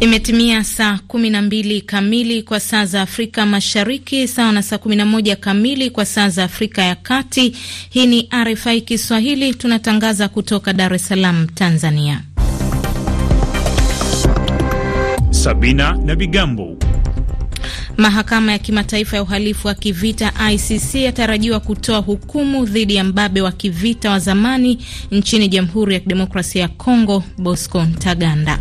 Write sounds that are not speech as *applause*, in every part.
Imetimia saa 12 kamili kwa saa za Afrika Mashariki, sawa na saa 11 kamili kwa saa za Afrika ya Kati. Hii ni RFI Kiswahili, tunatangaza kutoka Dar es Salaam, Tanzania. Sabina na Bigambo. Mahakama ya Kimataifa ya Uhalifu wa Kivita ICC yatarajiwa kutoa hukumu dhidi ya mbabe wa kivita wa zamani nchini Jamhuri ya Kidemokrasia ya Kongo, Bosco Ntaganda.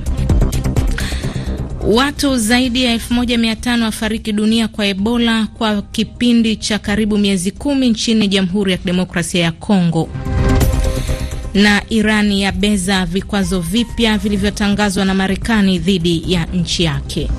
Watu zaidi ya 1500 wafariki dunia kwa Ebola kwa kipindi cha karibu miezi kumi nchini Jamhuri ya Kidemokrasia ya Kongo. Na Irani yabeza vikwazo vipya vilivyotangazwa na Marekani dhidi ya nchi yake.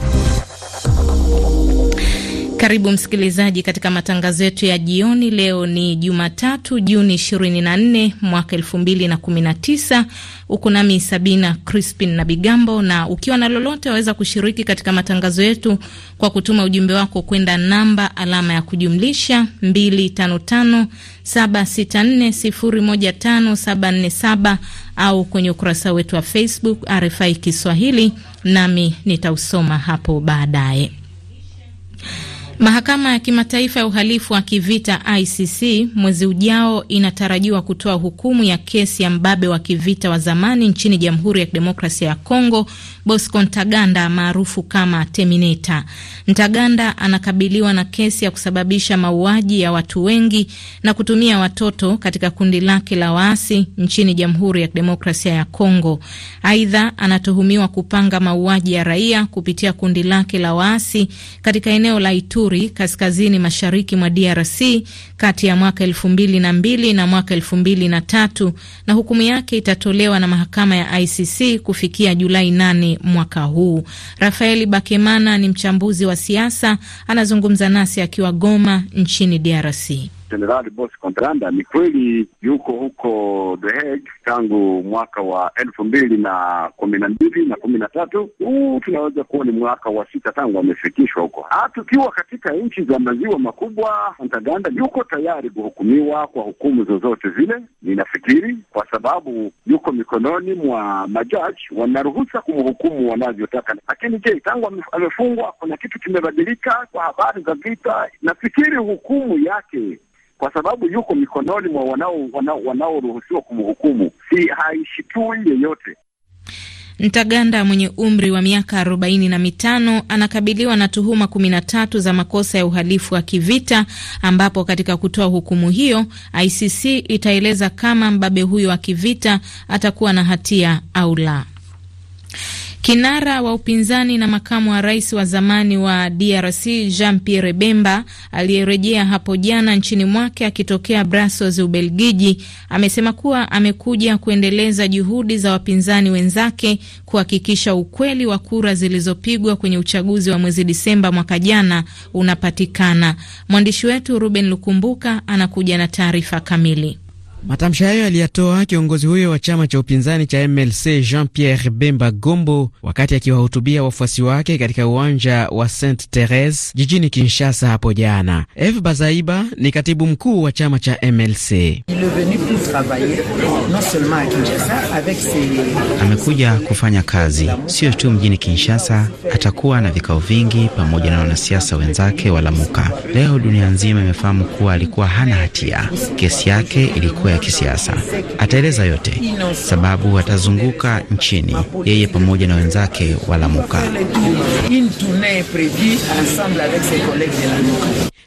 Karibu msikilizaji katika matangazo yetu ya jioni. Leo ni Jumatatu, Juni 24 mwaka 2019. Uko nami Sabina Crispin na Bigambo, na ukiwa na lolote waweza kushiriki katika matangazo yetu kwa kutuma ujumbe wako kwenda namba alama ya kujumlisha 255764015747 au kwenye ukurasa wetu wa Facebook RFI Kiswahili, nami nitausoma hapo baadaye. Mahakama ya Kimataifa ya Uhalifu wa Kivita ICC mwezi ujao inatarajiwa kutoa hukumu ya kesi ya mbabe wa kivita wa zamani nchini Jamhuri ya Kidemokrasia ya Kongo, Bosco Ntaganda maarufu kama Terminator. Ntaganda anakabiliwa na kesi ya kusababisha mauaji ya watu wengi na kutumia watoto katika kundi lake la waasi nchini Jamhuri ya Kidemokrasia ya Kongo. Aidha, anatuhumiwa kupanga mauaji ya raia kupitia kundi lake la waasi katika eneo la Ituri Ituri kaskazini mashariki mwa DRC kati ya mwaka elfu mbili na mbili na mwaka elfu mbili na tatu na hukumu yake itatolewa na mahakama ya ICC kufikia Julai nane mwaka huu. Rafaeli Bakemana ni mchambuzi wa siasa, anazungumza nasi akiwa Goma nchini DRC. General Bosco Ntaganda ni kweli yuko huko The Hague tangu mwaka wa elfu mbili na kumi na mbili na kumi na tatu. Huu tunaweza kuwa ni mwaka wa sita tangu amefikishwa huko. Tukiwa katika nchi za maziwa makubwa, Ntaganda yuko tayari kuhukumiwa kwa hukumu zozote zile, ninafikiri kwa sababu yuko mikononi mwa majaji, wanaruhusa kumhukumu wanavyotaka. Lakini je, tangu amefungwa kuna kitu kimebadilika? Kwa habari za vita, nafikiri hukumu yake kwa sababu yuko mikononi mwa wanaoruhusiwa wanao, wanao kumhukumu. Si haishitui yeyote. Mtaganda mwenye umri wa miaka arobaini na mitano anakabiliwa na tuhuma kumi na tatu za makosa ya uhalifu wa kivita ambapo katika kutoa hukumu hiyo ICC itaeleza kama mbabe huyo wa kivita atakuwa na hatia au la. Kinara wa upinzani na makamu wa rais wa zamani wa DRC Jean Pierre Bemba aliyerejea hapo jana nchini mwake akitokea Brussels, Ubelgiji, amesema kuwa amekuja kuendeleza juhudi za wapinzani wenzake kuhakikisha ukweli wa kura zilizopigwa kwenye uchaguzi wa mwezi Disemba mwaka jana unapatikana. Mwandishi wetu Ruben Lukumbuka anakuja na taarifa kamili. Matamshi hayo aliyatoa kiongozi huyo wa chama cha upinzani cha MLC Jean Pierre Bemba Gombo wakati akiwahutubia wafuasi wake katika uwanja wa st Therese jijini Kinshasa hapo jana. Eve Bazaiba ni katibu mkuu wa chama cha MLC. Amekuja kufanya kazi sio tu mjini Kinshasa, atakuwa na vikao vingi pamoja na wanasiasa wenzake wa Lamuka. Leo dunia nzima imefahamu kuwa alikuwa hana hatia, kesi yake ilikuwa ya kisiasa. Ataeleza yote sababu atazunguka nchini yeye pamoja na wenzake wa Lamuka.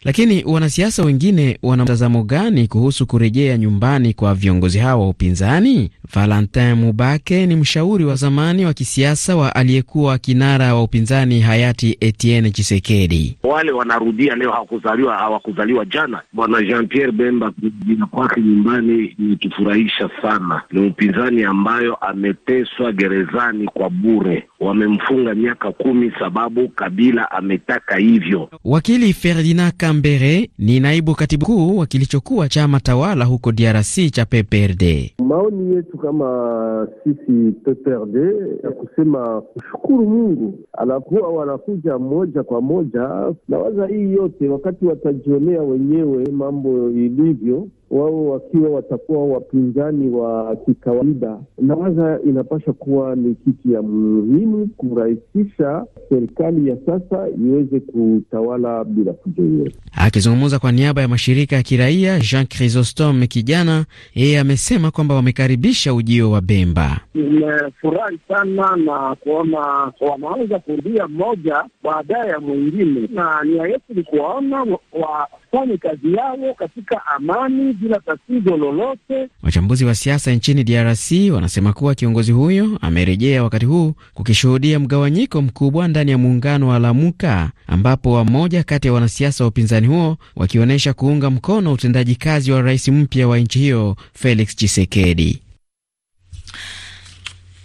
Lakini wanasiasa wengine wana mtazamo gani kuhusu kurejea nyumbani kwa viongozi hao wa upinzani? Valentin Mubake ni mshauri wa zamani wa kisiasa wa aliyekuwa kinara wa upinzani hayati Etienne Chisekedi. Wale wanarudia leo hawakuzaliwa hawakuzaliwa jana. Bwana Jean Pierre Bemba kujia kwake nyumbani imetufurahisha sana. Ni upinzani ambayo ameteswa gerezani kwa bure, wamemfunga miaka kumi sababu Kabila ametaka hivyo. Wakili Ferdinand Kambere ni naibu katibu mkuu wa kilichokuwa chama tawala huko DRC cha PPRD. Maoni yetu kama sisi PPRD ya kusema kushukuru Mungu anakuwa wanakuja moja kwa moja, na waza hii yote wakati watajionea wenyewe mambo ilivyo wao wakiwa watakuwa wapinzani wa kikawaida, nawaza inapasha kuwa ni kitu ya muhimu kurahisisha serikali ya sasa iweze kutawala bila kujeruhi. Akizungumza kwa niaba ya mashirika ya kiraia, Jean Chrysostom kijana, yeye amesema kwamba wamekaribisha ujio wa Bemba. Nimefurahi sana na kuona wanaweza kurudia mmoja baadaye ya mwingine, na nia yetu ni kuwaona wafanye kazi yao katika amani bila tatizo lolote. Wachambuzi wa siasa nchini DRC wanasema kuwa kiongozi huyo amerejea wakati huu kukishuhudia mgawanyiko mkubwa ndani ya muungano wa Lamuka, ambapo wamoja kati ya wanasiasa wa upinzani huo wakionyesha kuunga mkono utendaji kazi wa rais mpya wa nchi hiyo Felix Tshisekedi.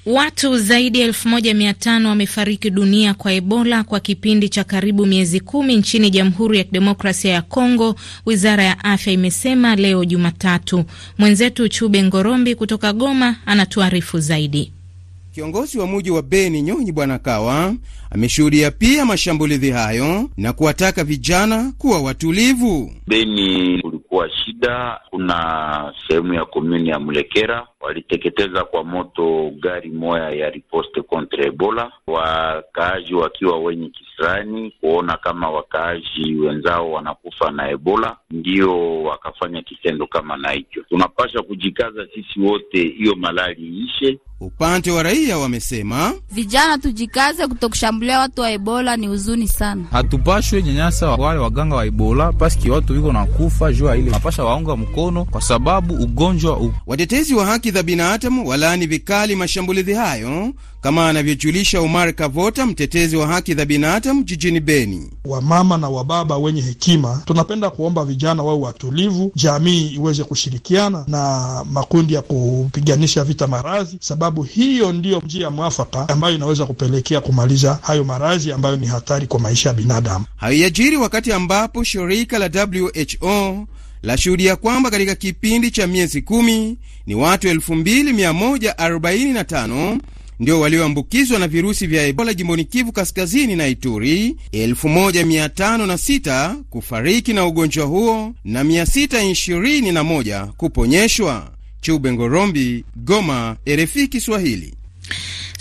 Watu zaidi ya elfu moja mia tano wamefariki dunia kwa Ebola kwa kipindi cha karibu miezi kumi nchini Jamhuri ya Kidemokrasia ya Kongo, wizara ya afya imesema leo Jumatatu. Mwenzetu Chube Ngorombi kutoka Goma anatuarifu zaidi. Kiongozi wa muji wa Beni Nyonyi Bwana Kawa ameshuhudia pia mashambulizi hayo na kuwataka vijana kuwa watulivu. Beni kulikuwa shida, kuna sehemu ya komuni ya Mulekera waliteketeza kwa moto gari moya ya riposte kontra Ebola, wakaaji wakiwa wenye kisirani kuona kama wakaaji wenzao wanakufa na Ebola, ndio wakafanya kitendo kama na hicho. Tunapasha kujikaza sisi wote, hiyo malali iishe. Upande wa raia wamesema, vijana tujikaze, kutokushambulia watu wa Ebola ni huzuni sana. Hatupashwe nyanyasa wale waganga wa Ebola paski watu wiko na kufa jua ile, napasha waunga mkono kwa sababu ugonjwa u... watetezi wa haki haki za binadamu walaani vikali mashambulizi hayo, kama anavyojulisha Omar Kavota, mtetezi wa haki za binadamu jijini Beni. Wamama na wababa wenye hekima, tunapenda kuomba vijana wawe watulivu, jamii iweze kushirikiana na makundi ya kupiganisha vita maradhi, sababu hiyo ndiyo njia mwafaka ambayo inaweza kupelekea kumaliza hayo maradhi ambayo ni hatari kwa maisha ya binadamu. Haiajiri wakati ambapo shirika la WHO lashuhudia kwamba katika kipindi cha miezi kumi ni watu 2145 ndio walioambukizwa na virusi vya Ebola jimboni Kivu Kaskazini na Ituri, 1506 kufariki na ugonjwa huo na 621 kuponyeshwa. Chube Ngorombi, Goma, RFI Kiswahili.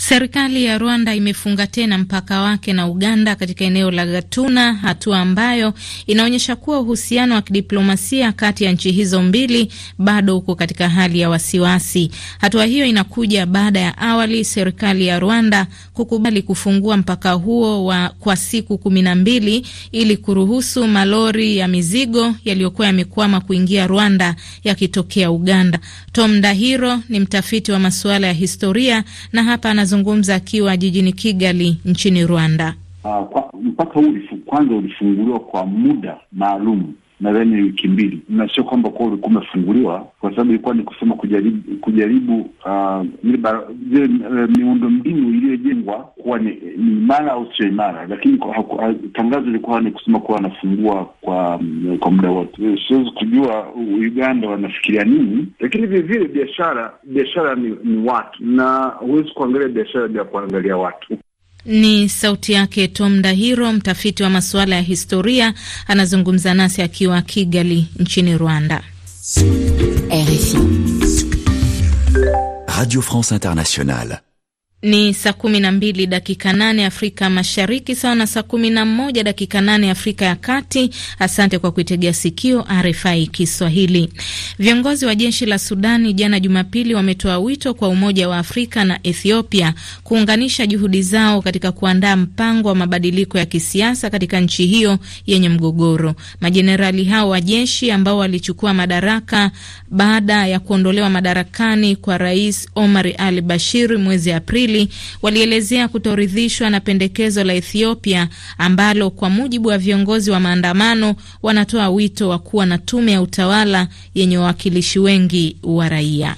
Serikali ya Rwanda imefunga tena mpaka wake na Uganda katika eneo la Gatuna, hatua ambayo inaonyesha kuwa uhusiano wa kidiplomasia kati ya nchi hizo mbili bado uko katika hali ya wasiwasi. Hatua hiyo inakuja baada ya awali serikali ya Rwanda kukubali kufungua mpaka huo wa kwa siku kumi na mbili ili kuruhusu malori ya mizigo yaliyokuwa yamekwama kuingia Rwanda yakitokea Uganda. Tom Dahiro ni mtafiti wa masuala ya historia na hapa anazungumza akiwa jijini Kigali nchini Rwanda. Uh, kwa, mpaka huu kwanza ulifunguliwa kwa muda maalum nadhani wiki mbili, na sio kwamba kuwa ulikuwa umefunguliwa, kwa sababu ilikuwa ni kusema kujaribu kujaribu uh, miundo mbinu iliyojengwa kuwa ni imara au sio imara, lakini ah, tangazo ilikuwa ni kusema kuwa wanafungua kwa mm, kwa muda wote. Eh, siwezi kujua Uganda wanafikiria nini, lakini vilevile biashara biashara ni, ni watu, na huwezi kuangalia biashara bila kuangalia watu. Ni sauti yake Tom Dahiro, mtafiti wa masuala ya historia, anazungumza nasi akiwa Kigali nchini Rwanda. RFI Radio France Internationale. Ni saa kumi na mbili dakika nane Afrika Mashariki, sawa na saa kumi na moja dakika nane Afrika ya Kati. Asante kwa kuitegea sikio RFI Kiswahili. Viongozi wa jeshi la Sudani jana Jumapili wametoa wito kwa Umoja wa Afrika na Ethiopia kuunganisha juhudi zao katika kuandaa mpango wa mabadiliko ya kisiasa katika nchi hiyo yenye mgogoro. Majenerali hao wa jeshi ambao walichukua madaraka baada ya kuondolewa madarakani kwa Rais Omar al Bashir mwezi Aprili mbili walielezea kutoridhishwa na pendekezo la Ethiopia ambalo kwa mujibu wa viongozi wa maandamano wanatoa wito wa kuwa na tume ya utawala yenye wawakilishi wengi wa raia.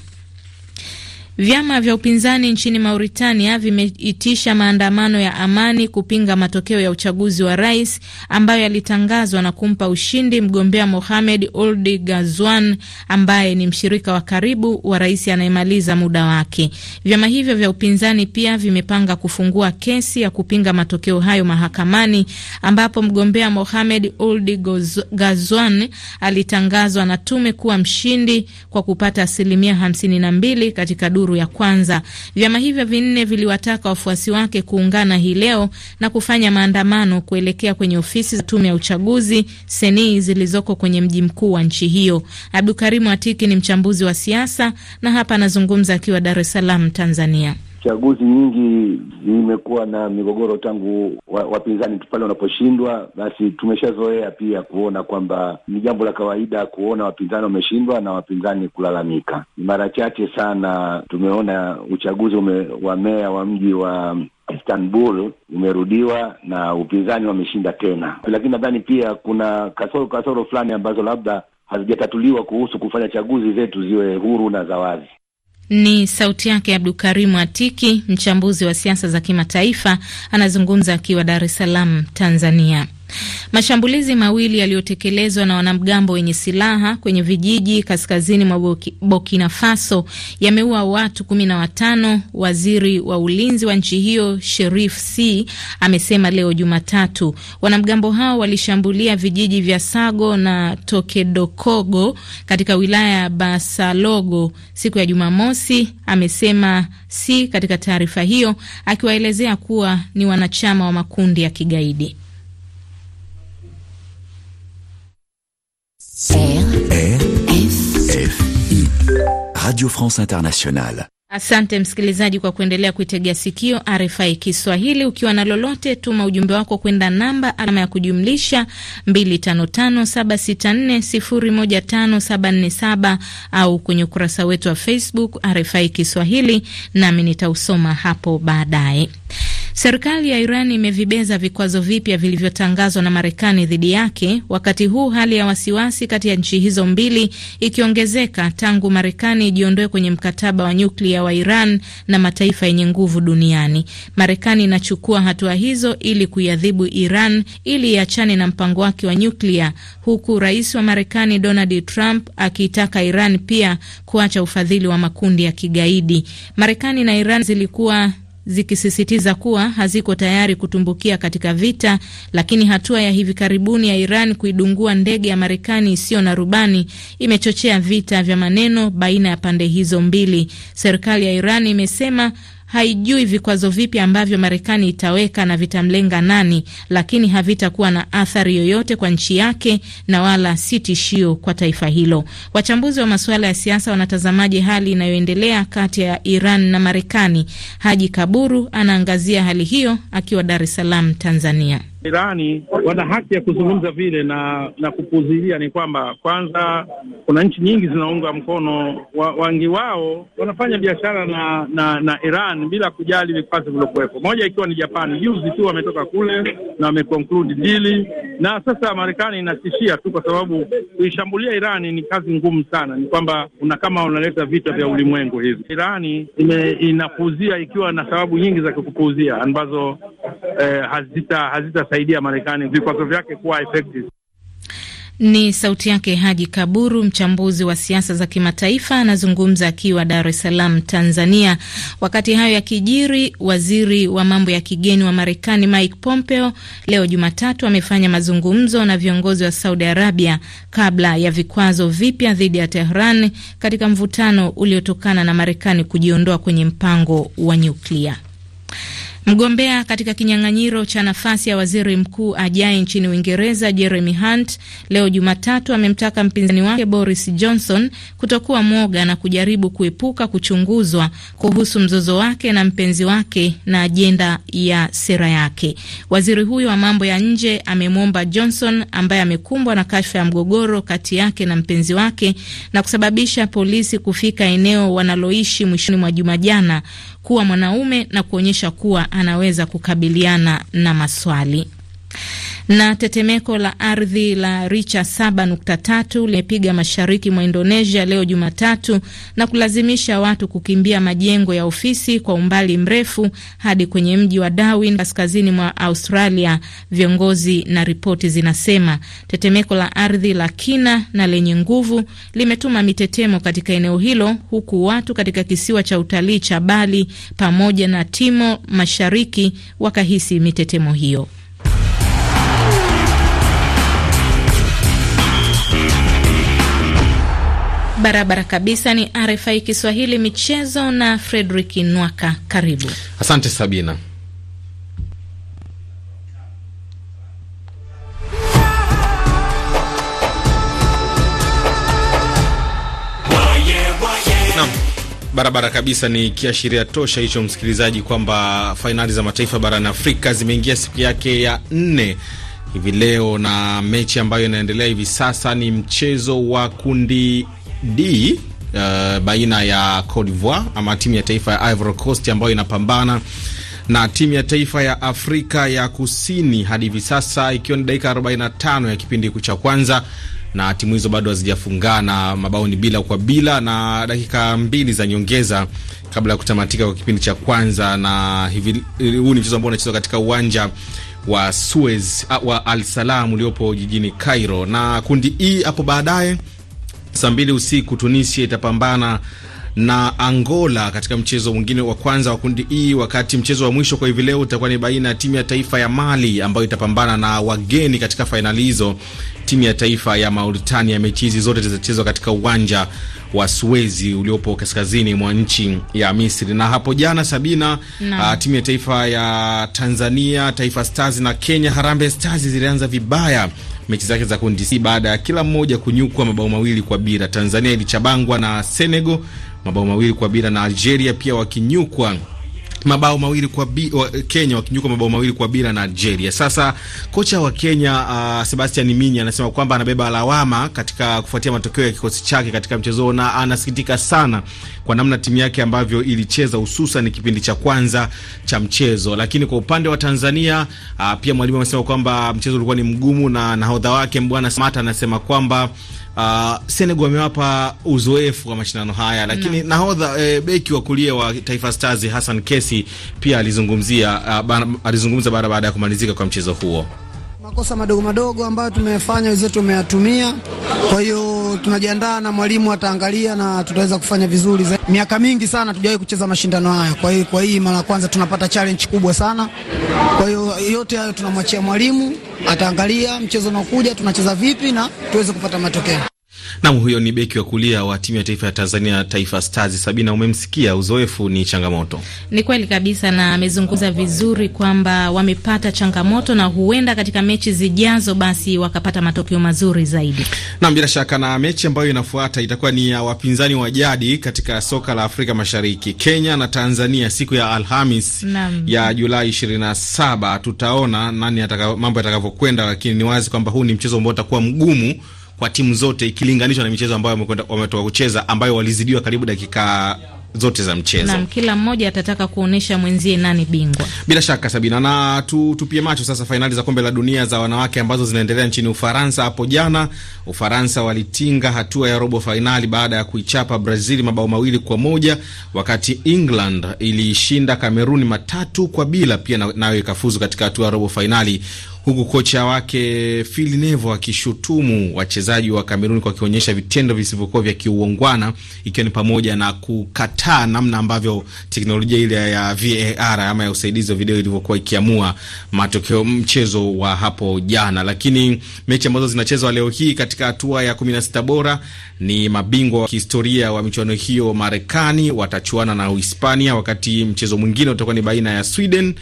Vyama vya upinzani nchini Mauritania vimeitisha maandamano ya amani kupinga matokeo ya uchaguzi wa rais ambayo yalitangazwa na kumpa ushindi mgombea Mohamed Ould Ghazouan ambaye ni mshirika wa karibu wa rais anayemaliza muda wake. Vyama hivyo vya upinzani pia vimepanga kufungua kesi ya kupinga matokeo hayo mahakamani ambapo mgombea Mohamed Ould Ghazouan alitangazwa na tume kuwa mshindi kwa kupata asilimia 52 katika duru duru ya kwanza. Vyama hivyo vinne viliwataka wafuasi wake kuungana hii leo na kufanya maandamano kuelekea kwenye ofisi za tume ya uchaguzi senii zilizoko kwenye mji mkuu wa nchi hiyo. Abdukarimu Atiki ni mchambuzi wa siasa na hapa anazungumza akiwa Dar es Salaam, Tanzania chaguzi nyingi zimekuwa na migogoro tangu wapinzani wa pale wanaposhindwa, basi tumeshazoea pia kuona kwamba ni jambo la kawaida kuona wapinzani wameshindwa na wapinzani kulalamika. Ni mara chache sana tumeona uchaguzi ume, wa meya wa mji wa Istanbul umerudiwa na upinzani wameshinda tena, lakini nadhani pia kuna kasoro kasoro fulani ambazo labda hazijatatuliwa kuhusu kufanya chaguzi zetu ziwe huru na za wazi. Ni sauti yake abdu karimu Atiki, mchambuzi wa siasa za kimataifa, anazungumza akiwa Dar es Salaam, Tanzania. Mashambulizi mawili yaliyotekelezwa na wanamgambo wenye silaha kwenye vijiji kaskazini mwa Burkina Faso yameua watu kumi na watano. Waziri wa ulinzi wa nchi hiyo Sherif C amesema leo Jumatatu wanamgambo hao walishambulia vijiji vya Sago na Tokedokogo katika wilaya ya Basalogo siku ya Jumamosi, amesema C katika taarifa hiyo, akiwaelezea kuwa ni wanachama wa makundi ya kigaidi. RFI Radio France Internationale. Asante msikilizaji kwa kuendelea kuitegea sikio RFI Kiswahili. Ukiwa na lolote, tuma ujumbe wako kwenda namba alama ya kujumlisha 255764015747 au kwenye ukurasa wetu wa Facebook RFI Kiswahili, nami nitausoma hapo baadaye. Serikali ya Iran imevibeza vikwazo vipya vilivyotangazwa na Marekani dhidi yake, wakati huu hali ya wasiwasi kati ya nchi hizo mbili ikiongezeka tangu Marekani ijiondoe kwenye mkataba wa nyuklia wa Iran na mataifa yenye nguvu duniani. Marekani inachukua hatua hizo ili kuiadhibu Iran ili iachane na mpango wake wa nyuklia, huku rais wa Marekani Donald Trump akiitaka Iran pia kuacha ufadhili wa makundi ya kigaidi. Marekani na Iran zilikuwa zikisisitiza kuwa haziko tayari kutumbukia katika vita, lakini hatua ya hivi karibuni ya Iran kuidungua ndege ya Marekani isiyo na rubani imechochea vita vya maneno baina ya pande hizo mbili. Serikali ya Iran imesema haijui vikwazo vipi ambavyo Marekani itaweka na vitamlenga nani, lakini havitakuwa na athari yoyote kwa nchi yake na wala si tishio kwa taifa hilo. Wachambuzi wa masuala ya siasa wanatazamaje hali inayoendelea kati ya Iran na Marekani? Haji Kaburu anaangazia hali hiyo akiwa Dar es Salaam, Tanzania. Irani wana haki ya kuzungumza vile na na kupuzilia, Ni kwamba kwanza, kuna nchi nyingi zinaunga mkono wa, wangi wao wanafanya biashara na, na na Iran bila kujali vikwazo vilivyokuwepo, moja ikiwa ni Japani. Juzi tu wametoka kule na wameconclude dili, na sasa Marekani inatishia tu, kwa sababu kuishambulia Irani ni kazi ngumu sana. Ni kwamba una kama unaleta vita vya ulimwengu hivi. Irani inapuuzia ikiwa na sababu nyingi za kupuuzia ambazo eh, hazita Marekani vikwazo vyake kuwa effective. Ni sauti yake Haji Kaburu, mchambuzi wa siasa za kimataifa, anazungumza akiwa Dar es Salaam, Tanzania. Wakati hayo yakijiri, waziri wa mambo ya kigeni wa Marekani Mike Pompeo leo Jumatatu amefanya mazungumzo na viongozi wa Saudi Arabia kabla ya vikwazo vipya dhidi ya Tehran katika mvutano uliotokana na Marekani kujiondoa kwenye mpango wa nyuklia. Mgombea katika kinyang'anyiro cha nafasi ya waziri mkuu ajaye nchini Uingereza, Jeremy Hunt, leo Jumatatu, amemtaka mpinzani wake Boris Johnson kutokuwa mwoga na kujaribu kuepuka kuchunguzwa kuhusu mzozo wake na mpenzi wake na ajenda ya sera yake. Waziri huyo wa mambo ya nje amemwomba Johnson, ambaye amekumbwa na kashfa ya mgogoro kati yake na mpenzi wake na kusababisha polisi kufika eneo wanaloishi mwishoni mwa juma jana kuwa mwanaume na kuonyesha kuwa anaweza kukabiliana na maswali. Na tetemeko la ardhi la richa 7.3 limepiga mashariki mwa Indonesia leo Jumatatu na kulazimisha watu kukimbia majengo ya ofisi kwa umbali mrefu hadi kwenye mji wa Darwin kaskazini mwa Australia, viongozi na ripoti zinasema. Tetemeko la ardhi la kina na lenye nguvu limetuma mitetemo katika eneo hilo, huku watu katika kisiwa cha utalii cha Bali pamoja na timo Mashariki wakahisi mitetemo hiyo. Barabara kabisa. Ni RFI Kiswahili michezo na Fredrik Nwaka, karibu. Asante Sabina. Barabara kabisa ni kiashiria tosha hicho, msikilizaji, kwamba fainali za mataifa barani Afrika zimeingia siku yake ya nne hivi leo, na mechi ambayo inaendelea hivi sasa ni mchezo wa kundi D uh, baina ya Cote d'Ivoire ama timu ya taifa ya Ivory Coast ambayo inapambana na timu ya taifa ya Afrika ya Kusini hadi hivi sasa ikiwa ni dakika 45 ya kipindi hiki cha kwanza, na timu hizo bado hazijafungana, mabao ni bila kwa bila, na dakika mbili za nyongeza kabla ya kutamatika kwa kipindi cha kwanza. Na hivi huu ni mchezo ambao unachezwa katika uwanja wa Suez wa Al Salam uliopo jijini Cairo, na kundi E hapo baadaye Saa mbili usiku Tunisia itapambana na Angola katika mchezo mwingine wa kwanza wa kundi E, wakati mchezo wa mwisho kwa hivi leo utakuwa ni baina ya timu ya taifa ya Mali ambayo itapambana na wageni katika fainali hizo, timu ya taifa ya Mauritania. Mechi hizi zote zitachezwa katika uwanja wa Suezi uliopo kaskazini mwa nchi ya Misri. Na hapo jana Sabina, uh, timu ya taifa ya Tanzania, Taifa Stars na Kenya Harambee Stars zilianza vibaya mechi zake za kundi C baada ya kila mmoja kunyukwa mabao mawili kwa bila. Tanzania ilichabangwa na Senegal mabao mawili kwa bila na Algeria pia wakinyukwa mabao mawili kwa bi, wa, Kenya wakinyuka mabao mawili kwa bila na Algeria. Sasa kocha wa Kenya uh, Sebastian Minyi anasema kwamba anabeba lawama katika kufuatia matokeo ya kikosi chake katika mchezo na anasikitika sana kwa namna timu yake ambavyo ilicheza hususan kipindi cha kwanza cha mchezo. Lakini kwa upande wa Tanzania a, ah, pia mwalimu amesema kwamba mchezo ulikuwa ni mgumu, na nahodha wake Mbwana Samata anasema kwamba Uh, Senegal amewapa uzoefu wa mashindano haya, lakini nahodha e, beki wa kulia wa Taifa Stars Hassan Kesi pia alizungumzia uh, ba, alizungumza baada baada ya kumalizika kwa mchezo huo makosa madogo madogo ambayo tumefanya wenzetu wameyatumia. Kwa hiyo tunajiandaa na mwalimu ataangalia na tutaweza kufanya vizuri zaidi. Miaka mingi sana tujawahi kucheza mashindano haya, kwa hiyo kwa hii mara ya kwanza tunapata challenge kubwa sana. Kwa hiyo yote hayo tunamwachia mwalimu, ataangalia mchezo unaokuja tunacheza vipi na tuweze kupata matokeo. Nam huyo ni beki wa kulia wa timu ya taifa ya Tanzania, Taifa Stars. Sabina, umemsikia, uzoefu ni changamoto. Ni kweli kabisa, na amezungumza vizuri kwamba wamepata changamoto na huenda katika mechi zijazo basi wakapata matokeo mazuri zaidi. Nam, bila shaka, na mechi ambayo inafuata itakuwa ni ya wapinzani wa jadi katika soka la Afrika Mashariki, Kenya na Tanzania, siku ya Alhamis ya Julai 27. Tutaona nani ataka, mambo yatakavyokwenda, lakini ni wazi kwamba huu ni mchezo ambao utakuwa mgumu kwa timu zote ikilinganishwa na michezo ambayo wametoka kucheza ambayo walizidiwa karibu dakika zote za mchezo. Naam, kila mmoja atataka kuonesha mwenzie nani bingwa. Bila shaka Sabina, na tu, tupie macho sasa fainali za kombe la dunia za wanawake ambazo zinaendelea nchini Ufaransa. Hapo jana Ufaransa walitinga hatua ya robo fainali baada ya kuichapa Brazil mabao mawili kwa moja, wakati England iliishinda Kameruni matatu kwa bila, pia nayo na ikafuzu katika hatua ya robo fainali huku kocha wake Phil Nevo akishutumu wachezaji wa Kameruni kwa kionyesha vitendo visivyokuwa vya kiuongwana, ikiwa ni pamoja na kukataa namna ambavyo teknolojia ile ya VAR ama ya usaidizi wa video ilivyokuwa ikiamua matokeo mchezo wa hapo jana. Lakini mechi ambazo zinachezwa leo hii katika hatua ya 16 bora ni mabingwa wa kihistoria wa michuano hiyo Marekani watachuana na Uhispania, wakati mchezo mwingine utakuwa ni baina ya Sweden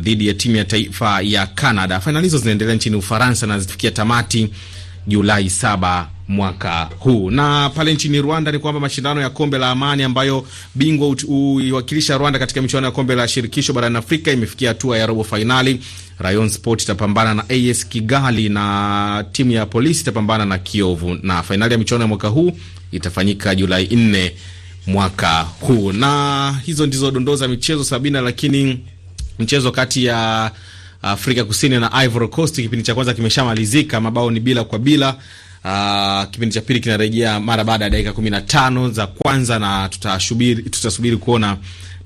dhidi ya timu ya taifa ya Canada. Fainali hizo zinaendelea nchini Ufaransa na zitafikia tamati Julai saba mwaka huu. Na pale nchini Rwanda ni kwamba mashindano ya kombe la amani ambayo bingwa huiwakilisha Rwanda katika michuano ya kombe la shirikisho barani Afrika imefikia hatua ya robo fainali. Rayon Sport itapambana na AS Kigali na timu ya polisi itapambana na Kiovu, na fainali ya michuano ya mwaka huu itafanyika Julai nne mwaka huu. Na hizo ndizo dondoo za michezo sabina, lakini mchezo kati ya Afrika Kusini na Ivory Coast. Kipindi cha kwanza kimeshamalizika, mabao ni bila kwa bila. Uh, kipindi cha pili kinarejea mara baada ya dakika tano za kwanza, na tutasubiri tutasubiri kuona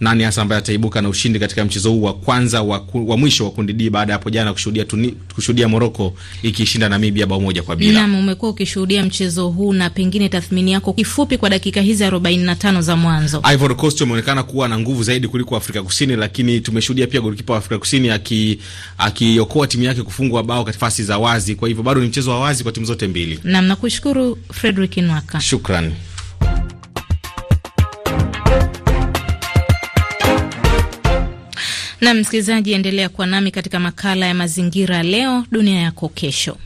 nani hasa ambaye ataibuka na ushindi katika mchezo huu wa kwanza wa, wa mwisho wa kundi D baada ya hapo jana kushuhudia kushuhudia Morocco ikishinda Namibia bao moja kwa bila. Naam, umekuwa ukishuhudia mchezo huu na pengine tathmini yako kifupi kwa dakika hizi 45 za mwanzo. Ivory Coast umeonekana kuwa na nguvu zaidi kuliko Afrika Kusini, lakini tumeshuhudia pia golikipa wa Afrika Kusini akiokoa aki timu yake kufungwa bao katika fasi za wazi. Kwa hivyo bado ni mchezo wa wazi kwa timu zote mbili. Naam, nakushukuru Fredrick Nwaka. Shukrani. Na msikilizaji, endelea kuwa nami katika makala ya mazingira, leo dunia yako kesho.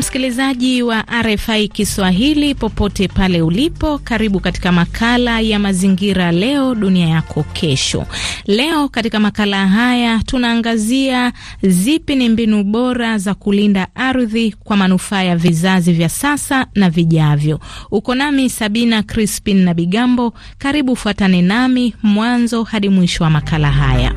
msikilizaji wa RFI Kiswahili popote pale ulipo, karibu katika makala ya mazingira leo dunia yako kesho. Leo katika makala haya tunaangazia zipi ni mbinu bora za kulinda ardhi kwa manufaa ya vizazi vya sasa na vijavyo. Uko nami Sabina Crispin na Bigambo, karibu fuatane nami mwanzo hadi mwisho wa makala haya.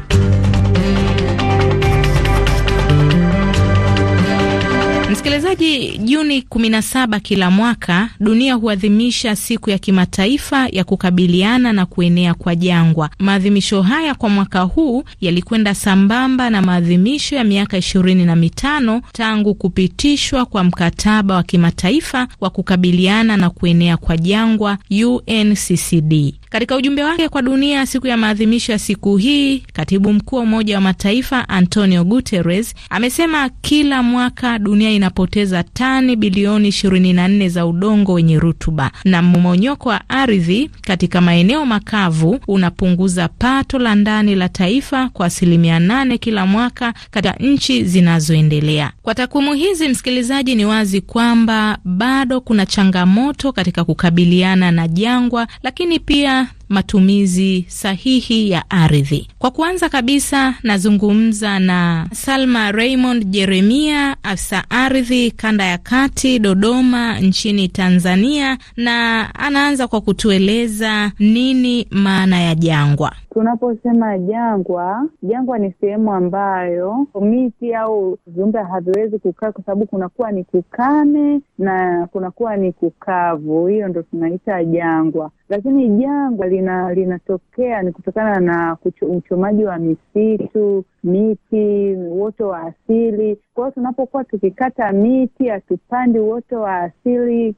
Msikilizaji, Juni 17 kila mwaka dunia huadhimisha siku ya kimataifa ya kukabiliana na kuenea kwa jangwa. Maadhimisho haya kwa mwaka huu yalikwenda sambamba na maadhimisho ya miaka ishirini na mitano tangu kupitishwa kwa mkataba wa kimataifa wa kukabiliana na kuenea kwa jangwa UNCCD. Katika ujumbe wake kwa dunia siku ya maadhimisho ya siku hii, katibu mkuu wa Umoja wa Mataifa Antonio Guterres amesema kila mwaka dunia ina inapoteza tani bilioni 24 za udongo wenye rutuba, na mmomonyoko wa ardhi katika maeneo makavu unapunguza pato la ndani la taifa kwa asilimia 8 kila mwaka katika nchi zinazoendelea. Kwa takwimu hizi, msikilizaji, ni wazi kwamba bado kuna changamoto katika kukabiliana na jangwa, lakini pia matumizi sahihi ya ardhi. Kwa kuanza kabisa, nazungumza na Salma Raymond Jeremia, afisa ardhi kanda ya kati, Dodoma nchini Tanzania, na anaanza kwa kutueleza nini maana ya jangwa. Tunaposema jangwa, jangwa ni sehemu ambayo miti au viumbe haviwezi kukaa, kwa sababu kunakuwa ni kukame na kunakuwa ni kukavu. Hiyo ndo tunaita jangwa, lakini jangwa li lina linatokea ni kutokana na uchomaji wa misitu, miti, uoto wa asili kwao tunapokuwa tukikata miti, hatupandi uoto wa asili.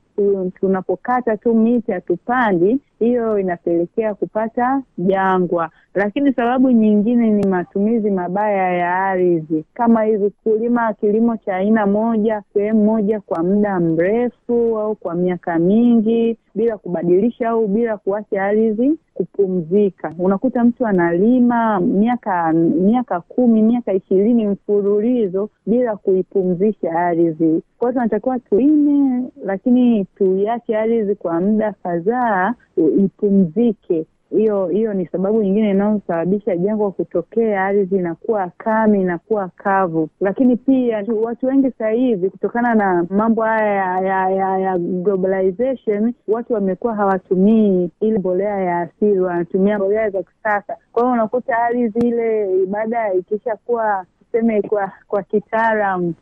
Tunapokata tu miti, hatupandi, hiyo inapelekea kupata jangwa. Lakini sababu nyingine ni matumizi mabaya ya ardhi, kama hivi kulima kilimo cha aina moja sehemu moja kwa muda mrefu au kwa miaka mingi bila kubadilisha au bila kuacha ardhi kupumzika. Unakuta mtu analima miaka miaka kumi miaka ishirini mfululizo bila kuipumzisha ardhi. kwao tunatakiwa tuime, lakini tuiache ardhi kwa muda kadhaa ipumzike hiyo hiyo ni sababu nyingine inayosababisha jangwa kutokea, ardhi inakuwa kame, inakuwa kavu. Lakini pia watu wengi sasa hivi kutokana na mambo haya ya, ya, ya globalization, watu wamekuwa hawatumii ile mbolea ya asili, wanatumia mbolea za kisasa. Kwa hiyo unakuta ardhi ile baada ikishakuwa ikisha kuwa tuseme kwa kwa kitaalam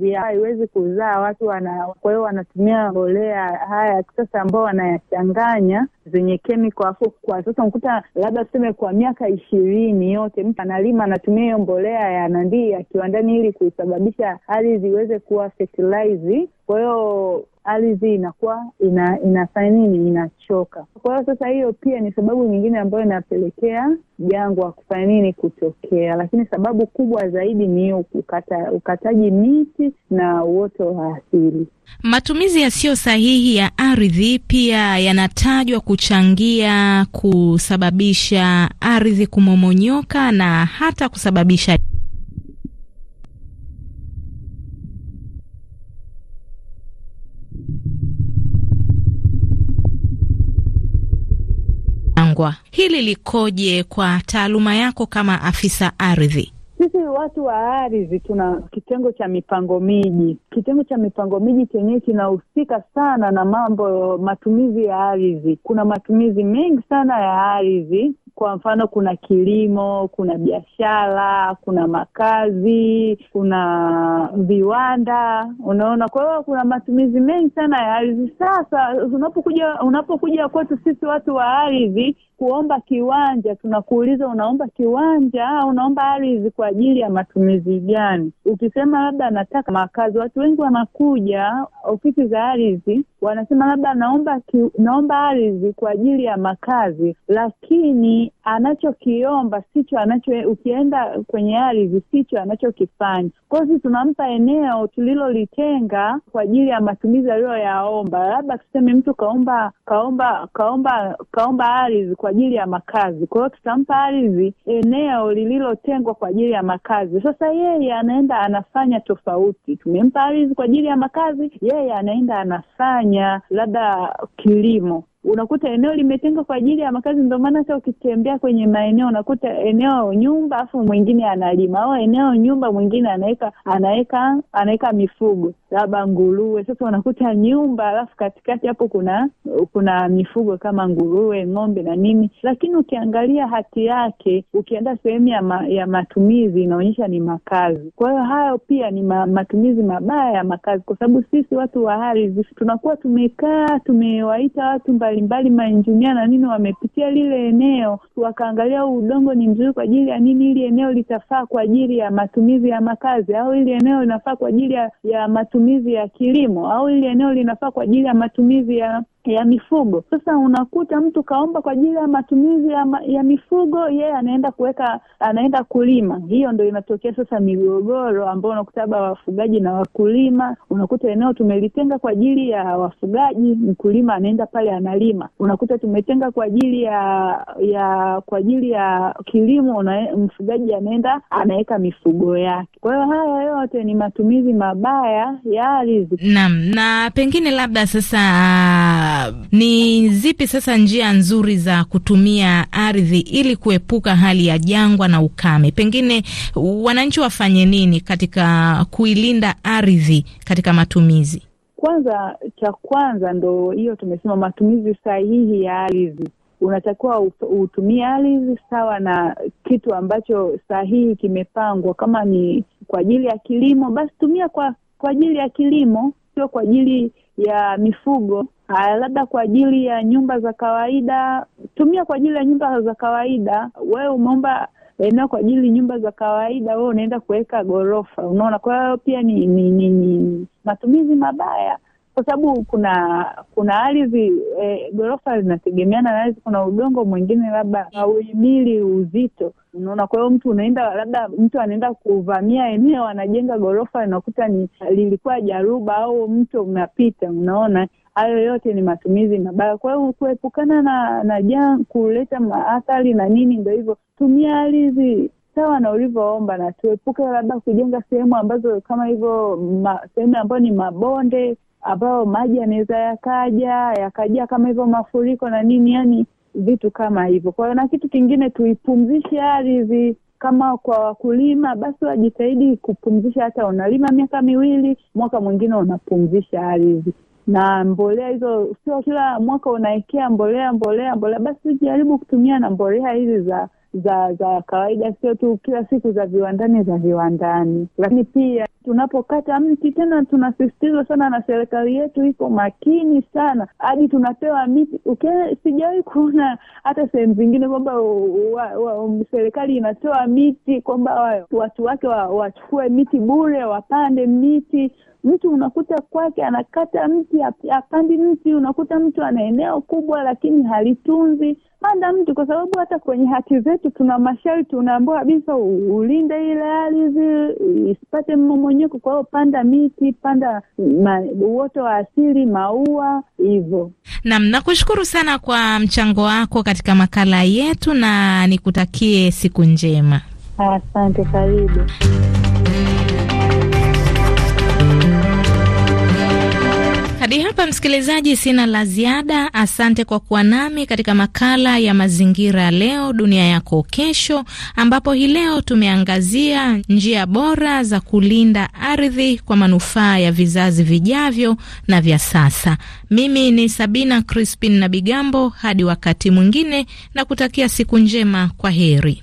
ni haiwezi kuzaa watu wana, kwa hiyo wanatumia mbolea haya ya kisasa ambao wanayachanganya zenye kemiko afu kwa sasa unakuta labda tuseme kwa miaka ishirini yote mtu analima anatumia hiyo mbolea ya nandii ya kiwandani ili kuisababisha ardhi iweze kuwa fertilizer. Kwa hiyo ardhi inakuwa ina inafanya nini, inachoka. Kwa hiyo sasa, hiyo pia ni sababu nyingine ambayo inapelekea jangwa kufanya nini, kutokea. Lakini sababu kubwa zaidi ni hiyo ukata, ukataji miti na uoto wa asili. Matumizi yasiyo sahihi ya ardhi pia yanatajwa kuchangia kusababisha ardhi kumomonyoka na hata kusababisha kujengwa. Hili likoje kwa taaluma yako kama afisa ardhi? Sisi watu wa ardhi tuna kitengo cha mipango miji. Kitengo cha mipango miji chenyewe kinahusika sana na mambo matumizi ya ardhi. Kuna matumizi mengi sana ya ardhi kwa mfano, kuna kilimo, kuna biashara, kuna makazi, kuna viwanda, unaona. Kwa hiyo kuna matumizi mengi sana ya ardhi. Sasa unapokuja unapokuja kwetu sisi watu wa ardhi kuomba kiwanja, tunakuuliza unaomba kiwanja au unaomba ardhi kwa ajili ya matumizi gani? Ukisema labda nataka makazi, watu wengi wanakuja ofisi za ardhi wanasema labda naomba ki, naomba ardhi kwa ajili ya makazi, lakini anachokiomba sicho anacho, ukienda kwenye ardhi sicho anachokifanya. Kwa hiyo sisi tunampa eneo tulilolitenga kwa ajili ya matumizi aliyoyaomba. Labda tuseme mtu kaomba kaomba kaomba kaomba ardhi kwa ajili ya makazi, kwa hiyo tutampa ardhi eneo lililotengwa kwa ajili ya makazi. Sasa yeye anaenda anafanya tofauti, tumempa ardhi kwa ajili ya makazi, yeye anaenda anafanya labda kilimo unakuta eneo limetengwa kwa ajili ya makazi. Ndio maana hata ukitembea kwenye maeneo unakuta eneo nyumba, afu mwingine analima, au eneo nyumba, mwingine anaweka anaweka anaweka mifugo labda nguruwe. Sasa unakuta nyumba, alafu katikati hapo kuna kuna mifugo kama nguruwe, ng'ombe na nini, lakini ukiangalia hati yake, ukienda sehemu ya, ma, ya matumizi inaonyesha ni makazi. Kwa hiyo hayo pia ni ma, matumizi mabaya ya makazi, kwa sababu sisi watu wa ardhi tunakuwa tumekaa tumewaita watu mba mbalimbali mainjinia na nini wamepitia lile eneo wakaangalia udongo ni mzuri kwa ajili ya nini, ili eneo litafaa kwa ajili ya matumizi ya makazi, au ili eneo linafaa kwa ajili ya, ya matumizi ya kilimo, au ili eneo linafaa kwa ajili ya matumizi ya ya mifugo. Sasa unakuta mtu kaomba kwa ajili ya matumizi ya, ma, ya mifugo, yeye yeah, anaenda kuweka anaenda kulima. Hiyo ndo inatokea sasa migogoro ambao unakuta labda wafugaji na wakulima. Unakuta eneo tumelitenga kwa ajili ya wafugaji, mkulima anaenda pale analima. Unakuta tumetenga kwa ajili ya ya kwa ajili ya kilimo, una, mfugaji anaenda anaweka mifugo yake. Kwa hiyo haya yote ni matumizi mabaya ya ardhi. Naam, na pengine labda sasa ni zipi sasa njia nzuri za kutumia ardhi ili kuepuka hali ya jangwa na ukame? Pengine wananchi wafanye nini katika kuilinda ardhi katika matumizi? Kwanza, cha kwanza ndo hiyo tumesema, matumizi sahihi ya ardhi. Unatakiwa utumie ardhi sawa na kitu ambacho sahihi kimepangwa. Kama ni kwa ajili ya kilimo, basi tumia kwa kwa ajili ya kilimo, sio kwa ajili ya mifugo. Haya, labda kwa ajili ya nyumba za kawaida, tumia kwa ajili ya nyumba za kawaida. Wewe umeomba eneo kwa ajili nyumba za kawaida, wewe unaenda kuweka ghorofa, unaona. Kwa hiyo pia ni, ni, ni, ni matumizi mabaya kwa sababu kuna kuna ardhi e, ghorofa linategemeana na ardhi. Kuna udongo mwingine labda hauhimili uzito, unaona. Kwa hiyo mtu unaenda labda, mtu anaenda kuvamia eneo, anajenga ghorofa, inakuta ni lilikuwa jaruba au mto unapita, unaona hayo yote ni matumizi mabaya. Kwa hiyo kuepukana na na jan kuleta maathari na nini, ndo hivyo, tumia ardhi sawa na ulivyoomba, na tuepuke labda kujenga sehemu ambazo kama hivyo, sehemu ambayo ni mabonde ambayo maji yanaweza yakaja yakaja kama hivyo mafuriko na nini, yani vitu kama hivyo. Kwa hiyo na kitu kingine tuipumzishe ardhi kama kwa wakulima basi wajitahidi kupumzisha, hata unalima miaka miwili, mwaka mwingine unapumzisha ardhi na mbolea hizo, sio kila mwaka unaekea mbolea mbolea mbolea. Basi jaribu kutumia na mbolea hizi za za za kawaida, sio tu kila siku za viwandani za viwandani. Lakini pia tunapokata mti tena, tunasistizwa sana na serikali yetu iko makini sana, hadi tunapewa miti. sijawai kuona hata sehemu zingine kwamba serikali inatoa miti kwamba watu wake wachukue miti bure, wapande miti mtu unakuta kwake anakata mti apandi mti unakuta mtu ana eneo kubwa lakini halitunzi panda mti kwa sababu hata kwenye haki zetu tuna masharti unaambua kabisa ulinde ile ardhi isipate mmomonyeko kwa hiyo panda miti panda uoto wa asili maua hivyo nam nakushukuru sana kwa mchango wako katika makala yetu na nikutakie siku njema asante karibu Hadi hapa msikilizaji, sina la ziada. Asante kwa kuwa nami katika makala ya mazingira leo dunia yako kesho, ambapo hii leo tumeangazia njia bora za kulinda ardhi kwa manufaa ya vizazi vijavyo na vya sasa. Mimi ni Sabina Crispin na Bigambo, hadi wakati mwingine, na kutakia siku njema. Kwa heri.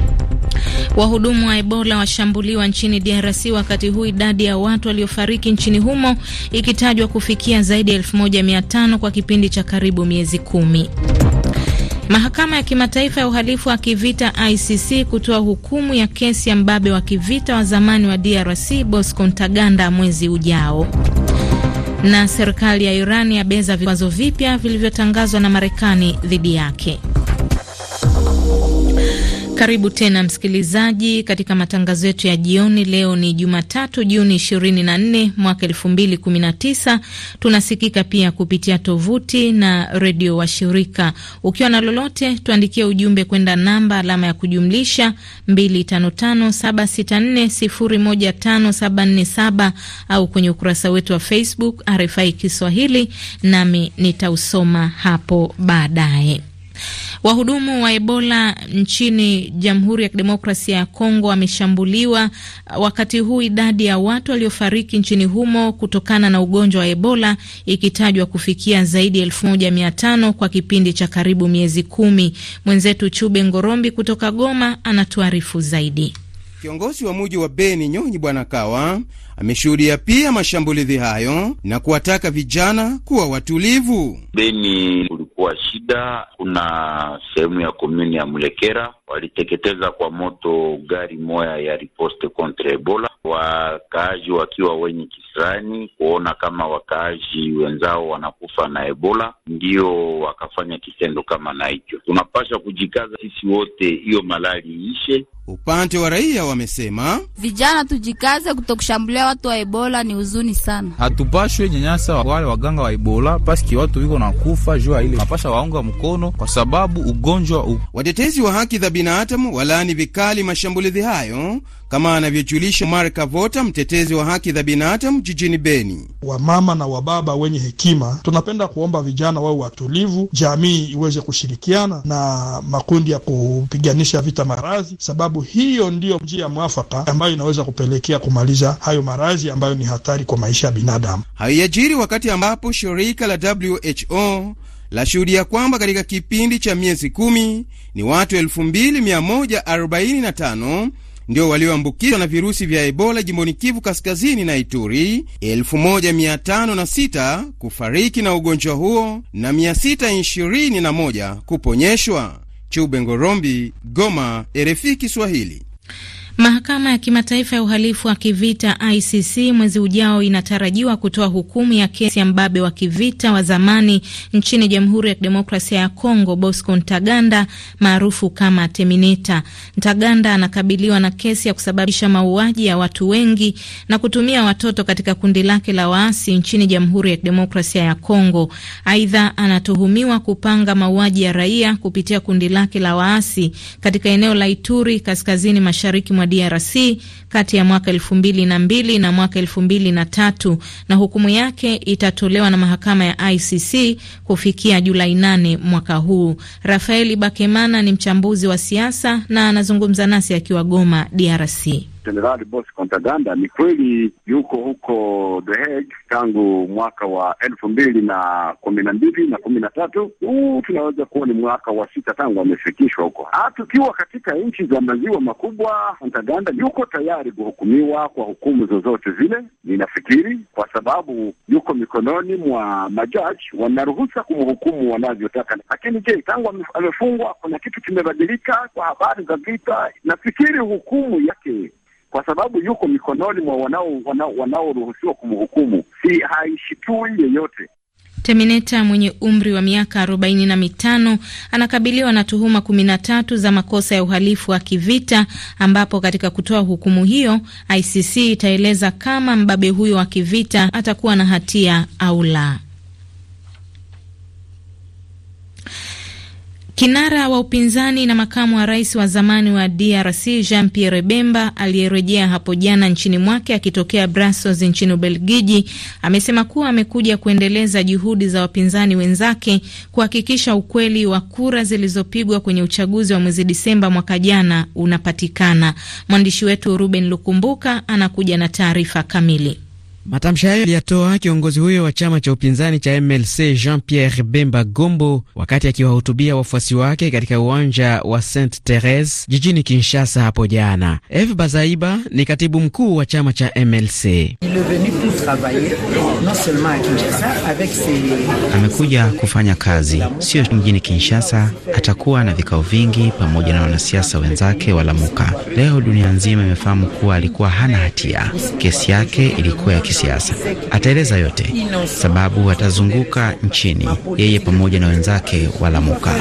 Wahudumu wa Ebola washambuliwa nchini DRC, wakati huu idadi ya watu waliofariki nchini humo ikitajwa kufikia zaidi ya 1500 kwa kipindi cha karibu miezi kumi. Mahakama ya Kimataifa ya Uhalifu wa Kivita ICC kutoa hukumu ya kesi ya mbabe wa kivita wa zamani wa DRC Bosco Ntaganda mwezi ujao. Na serikali ya Iran yabeza vikwazo vipya vilivyotangazwa na Marekani dhidi yake. Karibu tena msikilizaji, katika matangazo yetu ya jioni. Leo ni Jumatatu, Juni 24 mwaka 2019. Tunasikika pia kupitia tovuti na redio washirika. Ukiwa na lolote, tuandikie ujumbe kwenda namba alama ya kujumlisha 255764015747 au kwenye ukurasa wetu wa Facebook RFI Kiswahili, nami nitausoma hapo baadaye. Wahudumu wa Ebola nchini Jamhuri ya Kidemokrasia ya Kongo wameshambuliwa, wakati huu idadi ya watu waliofariki nchini humo kutokana na ugonjwa wa Ebola ikitajwa kufikia zaidi ya elfu moja mia tano kwa kipindi cha karibu miezi kumi. Mwenzetu Chube Ngorombi kutoka Goma anatuarifu zaidi. Kiongozi wa muji wa Beni Nyonyi Bwana Kawa ameshuhudia pia mashambulizi hayo na kuwataka vijana kuwa watulivu. Beni kuwa shida. Kuna sehemu ya komuni ya mlekera waliteketeza kwa moto gari moya ya riposte kontra Ebola, wakaaji wakiwa wenye kisirani kuona kama wakaaji wenzao wanakufa na Ebola, ndio wakafanya kitendo kama na hicho. Tunapasha kujikaza sisi wote, hiyo malali iishe. Upande wa raia wamesema, vijana tujikaze, kutokushambulia watu wa Ebola ni huzuni sana. Hatupashwe nyanyasa wale waganga wa Ebola paski watu wiko na kufa jua ile, napasha waunga mkono kwa sababu ugonjwa u... watetezi wa haki binadamu walaani vikali mashambulizi hayo, kama anavyojulisha Omar Kavota, mtetezi wa haki za binadamu jijini Beni. Wamama na wababa wenye hekima, tunapenda kuomba vijana wawe watulivu, jamii iweze kushirikiana na makundi ya kupiganisha vita maradhi, sababu hiyo ndiyo njia mwafaka ambayo inaweza kupelekea kumaliza hayo maradhi ambayo ni hatari kwa maisha ya binadamu. Haiajiri wakati ambapo shirika la WHO lashuhudia kwamba katika kipindi cha miezi kumi ni watu 2145 ndio walioambukizwa na virusi vya Ebola jimboni Kivu Kaskazini na Ituri, 1506 kufariki na ugonjwa huo na 621 kuponyeshwa. chubengorombi Goma, erefi Kiswahili. Mahakama ya Kimataifa ya Uhalifu wa Kivita ICC mwezi ujao inatarajiwa kutoa hukumu ya kesi ya mbabe wa kivita wa zamani nchini Jamhuri ya Kidemokrasia ya Kongo Bosco Ntaganda maarufu kama Terminator. Ntaganda anakabiliwa na kesi ya kusababisha mauaji ya watu wengi na kutumia watoto katika kundi lake la waasi nchini Jamhuri ya Kidemokrasia ya Kongo. Aidha, anatuhumiwa kupanga mauaji ya raia kupitia kundi lake la waasi katika eneo la Ituri kaskazini mashariki mwa DRC kati ya mwaka elfu mbili na mbili na mwaka elfu mbili na tatu na hukumu yake itatolewa na mahakama ya ICC kufikia Julai nane mwaka huu. Rafaeli Bakemana ni mchambuzi wa siasa na anazungumza nasi akiwa Goma, DRC. Jenerali Bosco Ntaganda ni kweli yuko huko The Hague tangu mwaka wa elfu mbili na kumi na mbili na kumi na tatu. Huu tunaweza kuwa ni mwaka wa sita tangu amefikishwa huko. Ah, tukiwa katika nchi za maziwa makubwa, Ntaganda yuko tayari kuhukumiwa kwa hukumu zozote zile, ninafikiri kwa sababu yuko mikononi mwa majaji, wanaruhusa kumhukumu wanavyotaka. Lakini je, tangu amefungwa kuna kitu kimebadilika? Kwa habari za vita, nafikiri hukumu yake kwa sababu yuko mikononi mwa wanaoruhusiwa wanao, wanao kumhukumu, si haishitui yeyote. Temineta mwenye umri wa miaka arobaini na mitano anakabiliwa na tuhuma kumi na tatu za makosa ya uhalifu wa kivita ambapo katika kutoa hukumu hiyo ICC itaeleza kama mbabe huyo wa kivita atakuwa na hatia au la. Kinara wa upinzani na makamu wa rais wa zamani wa DRC Jean Pierre Bemba aliyerejea hapo jana nchini mwake akitokea Brussels nchini Ubelgiji amesema kuwa amekuja kuendeleza juhudi za wapinzani wenzake kuhakikisha ukweli wa kura zilizopigwa kwenye uchaguzi wa mwezi Disemba mwaka jana unapatikana. Mwandishi wetu Ruben Lukumbuka anakuja na taarifa kamili. Matamshi hayo aliyatoa kiongozi huyo wa chama cha upinzani cha MLC Jean Pierre Bemba Gombo wakati akiwahutubia wafuasi wake katika uwanja wa st Therese jijini Kinshasa hapo jana. Eve Bazaiba ni katibu mkuu wa chama cha MLC. Amekuja kufanya kazi sio mjini Kinshasa, atakuwa na vikao vingi pamoja na wanasiasa wenzake walamuka. Leo dunia nzima imefahamu kuwa alikuwa hana hatia, kesi yake ilikuwa ya kisiasa. Ataeleza yote sababu atazunguka nchini yeye pamoja na wenzake wa Lamuka.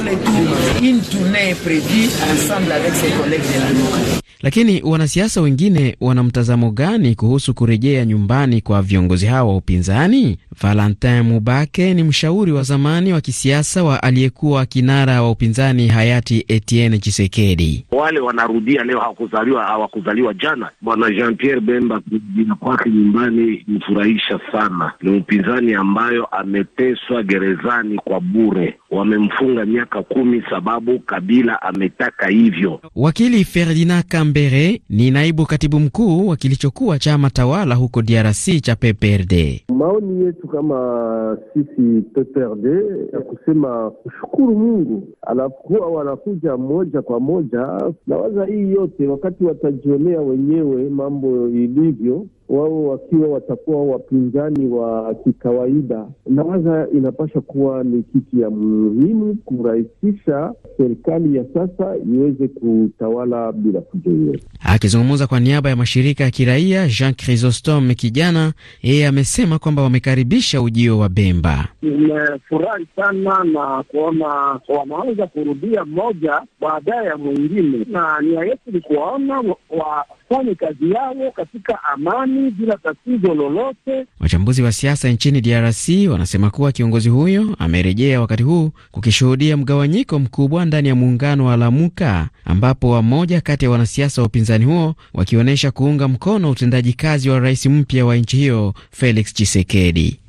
Lakini wanasiasa wengine wana mtazamo gani kuhusu kurejea nyumbani kwa viongozi hao wa upinzani? Valentin Mubake ni mshauri wa zamani wa kisiasa wa aliyekuwa kinara wa upinzani hayati Etienne Chisekedi. Wale wanarudia leo hawakuzaliwa hawakuzaliwa jana. Bwana Jean Pierre Bemba kujina kwake nyumbani mfurahisha sana. Ni upinzani ambayo ameteswa gerezani kwa bure, wamemfunga miaka kumi sababu Kabila ametaka hivyo. Wakili Ferdinand Kambere ni naibu katibu mkuu wa kilichokuwa chama tawala huko DRC cha PPRD. Maoni yetu kama sisi PPRD ya kusema kushukuru Mungu anakuwa wanakuja moja kwa moja nawaza hii yote, wakati watajionea wenyewe mambo ilivyo wao wakiwa watakuwa wapinzani wa kikawaida, nawaza inapasha kuwa ni kitu ya muhimu kurahisisha serikali ya sasa iweze kutawala bila kujeia. Akizungumza kwa niaba ya mashirika ya kiraia, Jean Chrysostome kijana, yeye amesema kwamba wamekaribisha ujio wa Bemba. Nimefurahi sana na kuona wanaweza kurudia mmoja baadaye ya mwingine, na nia yetu ni kuwaona wafanye kazi yao katika amani amani bila tatizo lolote. Wachambuzi wa siasa nchini DRC wanasema kuwa kiongozi huyo amerejea wakati huu kukishuhudia mgawanyiko mkubwa ndani ya muungano wa Lamuka, ambapo wamoja kati ya wanasiasa wa upinzani huo wakionyesha kuunga mkono utendaji kazi wa rais mpya wa nchi hiyo Felix Tshisekedi.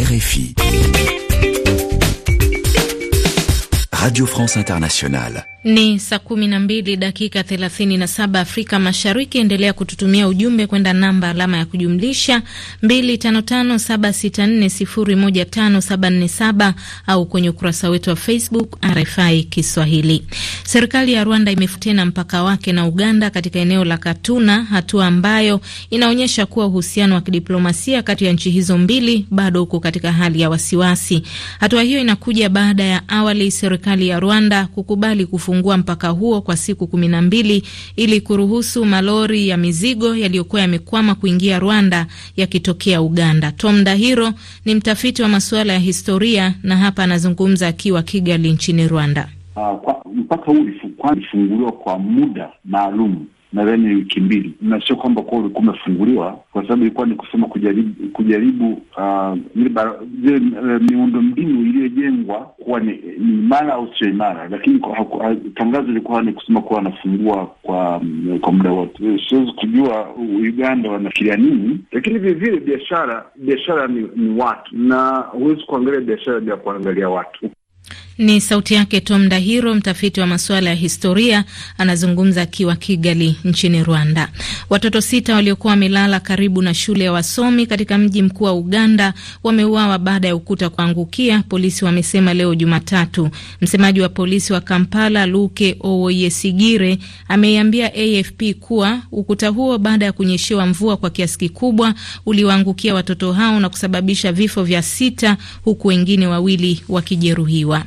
RFI. Radio France Internationale. Ni saa kumi na mbili dakika thelathini na saba Afrika Mashariki. Endelea kututumia ujumbe kwenda namba alama ya kujumlisha 255764015747 au kwenye ukurasa wetu wa Facebook RFI Kiswahili. Serikali ya Rwanda imefutena mpaka wake na Uganda katika eneo la Katuna, hatua ambayo inaonyesha kuwa uhusiano wa kidiplomasia kati ya nchi hizo mbili bado uko katika hali ya wasiwasi. Hatua hiyo inakuja baada ya awali serikali serikali ya Rwanda kukubali kufungua mpaka huo kwa siku kumi na mbili ili kuruhusu malori ya mizigo yaliyokuwa yamekwama kuingia Rwanda yakitokea Uganda. Tom Dahiro ni mtafiti wa masuala ya historia na hapa anazungumza akiwa Kigali nchini Rwanda. Uh, kwa, mpaka huu ulifunguliwa kwa muda maalum nadhani ni wiki mbili, na sio kwamba kuwa ulikuwa umefunguliwa, kwa sababu ilikuwa ni kusema kujaribu kujaribu ah, zile eh, miundo mbinu iliyojengwa kuwa ni imara au sio imara, lakini ah, tangazo ilikuwa ni kusema kuwa wanafungua kwa mm, kwa muda wote. Eh, siwezi kujua Uganda wanafikiria nini, lakini vilevile biashara biashara ni, ni watu na huwezi kuangalia biashara bila kuangalia watu. Ni sauti yake Tom Dahiro, mtafiti wa masuala ya historia, anazungumza akiwa Kigali nchini Rwanda. Watoto sita waliokuwa wamelala karibu na shule ya wasomi katika mji mkuu wa Uganda wameuawa baada ya ukuta kuangukia, polisi wamesema leo Jumatatu. Msemaji wa polisi wa Kampala, Luke Owoyesigire, ameiambia AFP kuwa ukuta huo, baada ya kunyeshewa mvua kwa kiasi kikubwa, uliwaangukia watoto hao na kusababisha vifo vya sita, huku wengine wawili wakijeruhiwa.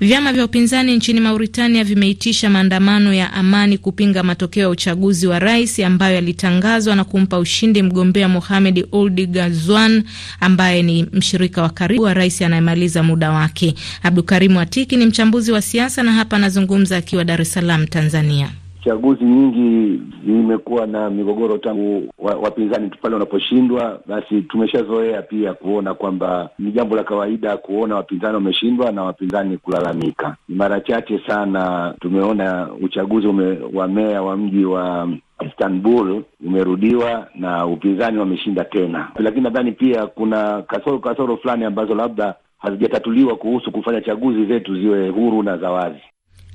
Vyama vya upinzani nchini Mauritania vimeitisha maandamano ya amani kupinga matokeo ya uchaguzi wa rais ambayo yalitangazwa na kumpa ushindi mgombea Mohamed Ould gazwan ambaye ni mshirika wa karibu wa rais anayemaliza muda wake. Abdukarimu Atiki ni mchambuzi wa siasa na hapa anazungumza akiwa Dar es Salaam, Tanzania chaguzi nyingi zimekuwa na migogoro tangu wapinzani wa pale wanaposhindwa, basi tumeshazoea pia kuona kwamba ni jambo la kawaida kuona wapinzani wameshindwa na wapinzani kulalamika. Ni mara chache sana tumeona uchaguzi ume, wa meya wa mji wa Istanbul umerudiwa na upinzani wameshinda tena, lakini nadhani pia kuna kasoro kasoro fulani ambazo labda hazijatatuliwa kuhusu kufanya chaguzi zetu ziwe huru na za wazi.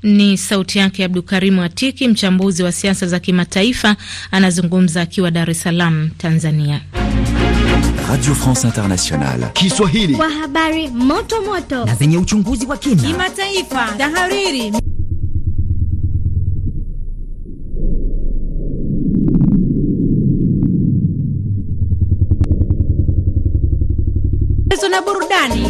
Ni sauti yake karimu Atiki, mchambuzi wa siasa za kimataifa, anazungumza akiwa Dar es Salaam, Tanzania. Radio France Internationale Kiswahili, kwa habari moto moto na zenye uchunguzi wa kina, kimataifa, tahariri na burudani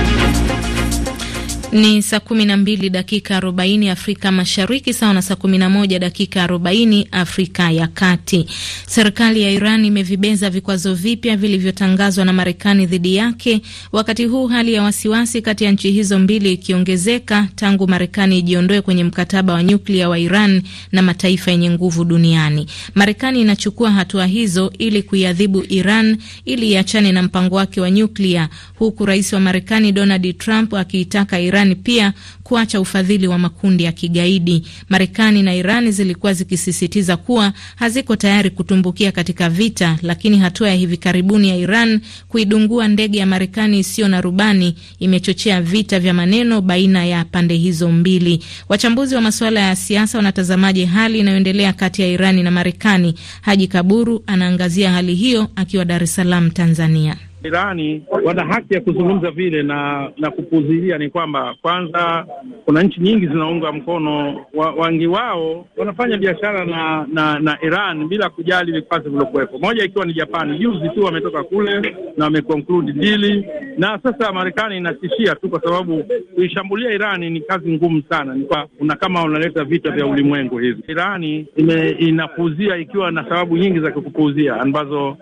Ni saa 12 dakika 40 Afrika Mashariki, sawa na saa 11 dakika 40 Afrika ya Kati. Serikali ya Iran imevibeza vikwazo vipya vilivyotangazwa na Marekani dhidi yake, wakati huu hali ya wasiwasi kati ya nchi hizo mbili ikiongezeka tangu Marekani ijiondoe kwenye mkataba wa nyuklia wa Iran na mataifa yenye nguvu duniani. Marekani inachukua hatua hizo ili kuiadhibu Iran ili iachane na mpango wake wa nyuklia, huku rais wa Marekani Donald Trump akiitaka Iran Irani pia kuacha ufadhili wa makundi ya kigaidi. Marekani na Irani zilikuwa zikisisitiza kuwa haziko tayari kutumbukia katika vita, lakini hatua ya hivi karibuni ya Iran kuidungua ndege ya Marekani isiyo na rubani imechochea vita vya maneno baina ya pande hizo mbili. Wachambuzi wa masuala ya siasa wanatazamaje hali inayoendelea kati ya Irani na Marekani? Haji Kaburu anaangazia hali hiyo akiwa Dar es Salaam, Tanzania. Irani wana haki ya kuzungumza vile na na kupuzilia. Ni kwamba kwanza, kuna nchi nyingi zinaunga mkono wa, wangi wao wanafanya biashara na, na na Iran bila kujali vikwazo vilivyokuwepo, moja ikiwa ni Japani. Juzi tu wametoka kule na wameconclude dili, na sasa Marekani inatishia tu, kwa sababu kuishambulia Irani ni kazi ngumu sana. Ni kwa una kama unaleta vita vya ulimwengu hivi. Irani inapuuzia ikiwa na sababu nyingi za kupuuzia ambazo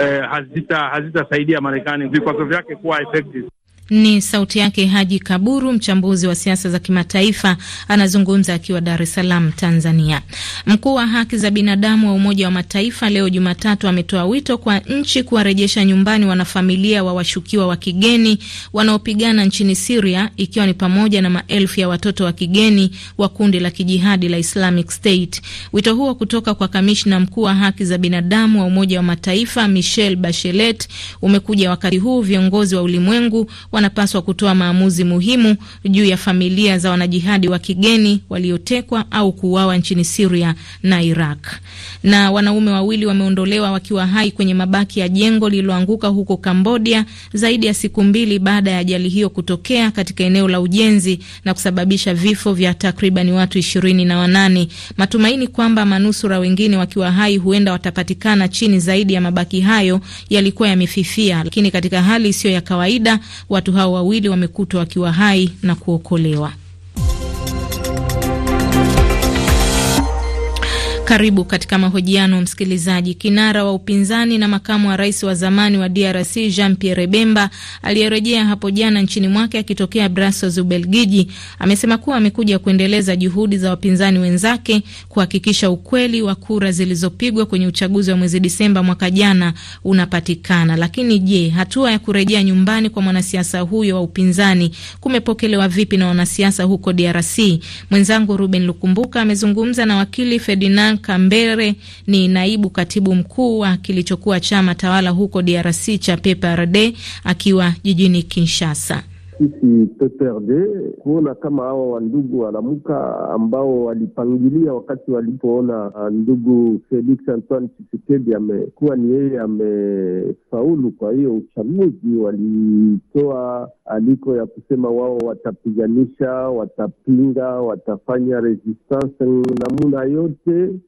eh, hazita hazitasaidia ya Marekani vikwazo vyake kuwa effective. Ni sauti yake Haji Kaburu, mchambuzi wa siasa za kimataifa, anazungumza akiwa Dar es Salaam, Tanzania. Mkuu wa haki za binadamu wa Umoja wa Mataifa leo Jumatatu ametoa wito kwa nchi kuwarejesha nyumbani wanafamilia wa washukiwa wa kigeni wanaopigana nchini Siria, ikiwa ni pamoja na maelfu ya watoto wa kigeni wa kundi la kijihadi la Islamic State. Wito huo kutoka kwa kamishna mkuu wa haki za binadamu wa Umoja wa Mataifa Michelle Bachelet umekuja wakati huu viongozi wa ulimwengu wanapaswa kutoa maamuzi muhimu juu ya familia za wanajihadi wa kigeni waliotekwa au kuuawa nchini Siria na Iraq. Na wanaume wawili wameondolewa wakiwa hai kwenye mabaki ya jengo lililoanguka huko Kambodia zaidi ya siku mbili baada ya ajali hiyo kutokea katika eneo la ujenzi na kusababisha vifo vya takribani watu ishirini na wanane. Matumaini kwamba manusura wengine wakiwa hai huenda watapatikana chini zaidi ya mabaki hayo yalikuwa yamefifia, lakini katika hali isiyo ya kawaida Watu hao wawili wamekutwa wakiwa hai na kuokolewa. Karibu katika mahojiano msikilizaji. Kinara wa upinzani na makamu wa rais wa zamani wa DRC Jean Pierre Bemba aliyerejea hapo jana nchini mwake akitokea Brussels, Ubelgiji, amesema kuwa amekuja kuendeleza juhudi za wapinzani wenzake kuhakikisha ukweli wa kura zilizopigwa kwenye uchaguzi wa mwezi Disemba mwaka jana unapatikana. Lakini je, hatua ya kurejea nyumbani kwa mwanasiasa huyo wa upinzani kumepokelewa vipi na wanasiasa huko DRC? Mwenzangu Ruben Lukumbuka amezungumza na wakili Ferdinand Bianca Mbere ni naibu katibu mkuu wa kilichokuwa chama tawala huko DRC cha PPRD akiwa jijini Kinshasa sisi PPRD kuona kama hawa wandugu walamuka ambao walipangilia wakati walipoona ah, ndugu Felix Antoine Chisekedi amekuwa ni yeye amefaulu, kwa hiyo uchaguzi, walitoa aliko ya kusema wao watapiganisha, watapinga, watafanya resistance namuna yote,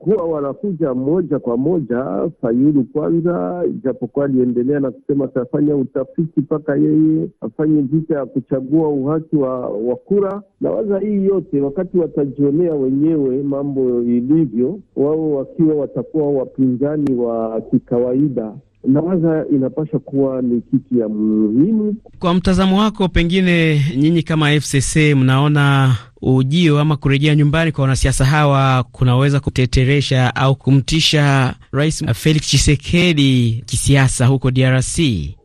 huwa wanakuja moja kwa moja Fayulu kwanza, ijapokuwa aliendelea na kusema atafanya utafiti mpaka yeye afanye vita ya kuchagua uhaki wa, wa kura na waza hii yote, wakati watajionea wenyewe mambo ilivyo, wao wakiwa watakuwa wapinzani wa kikawaida nawaza inapaswa kuwa ni kitu ya muhimu. Kwa mtazamo wako, pengine nyinyi kama FCC mnaona ujio ama kurejea nyumbani kwa wanasiasa hawa kunaweza kuteteresha au kumtisha Rais Felix Tshisekedi kisiasa huko DRC?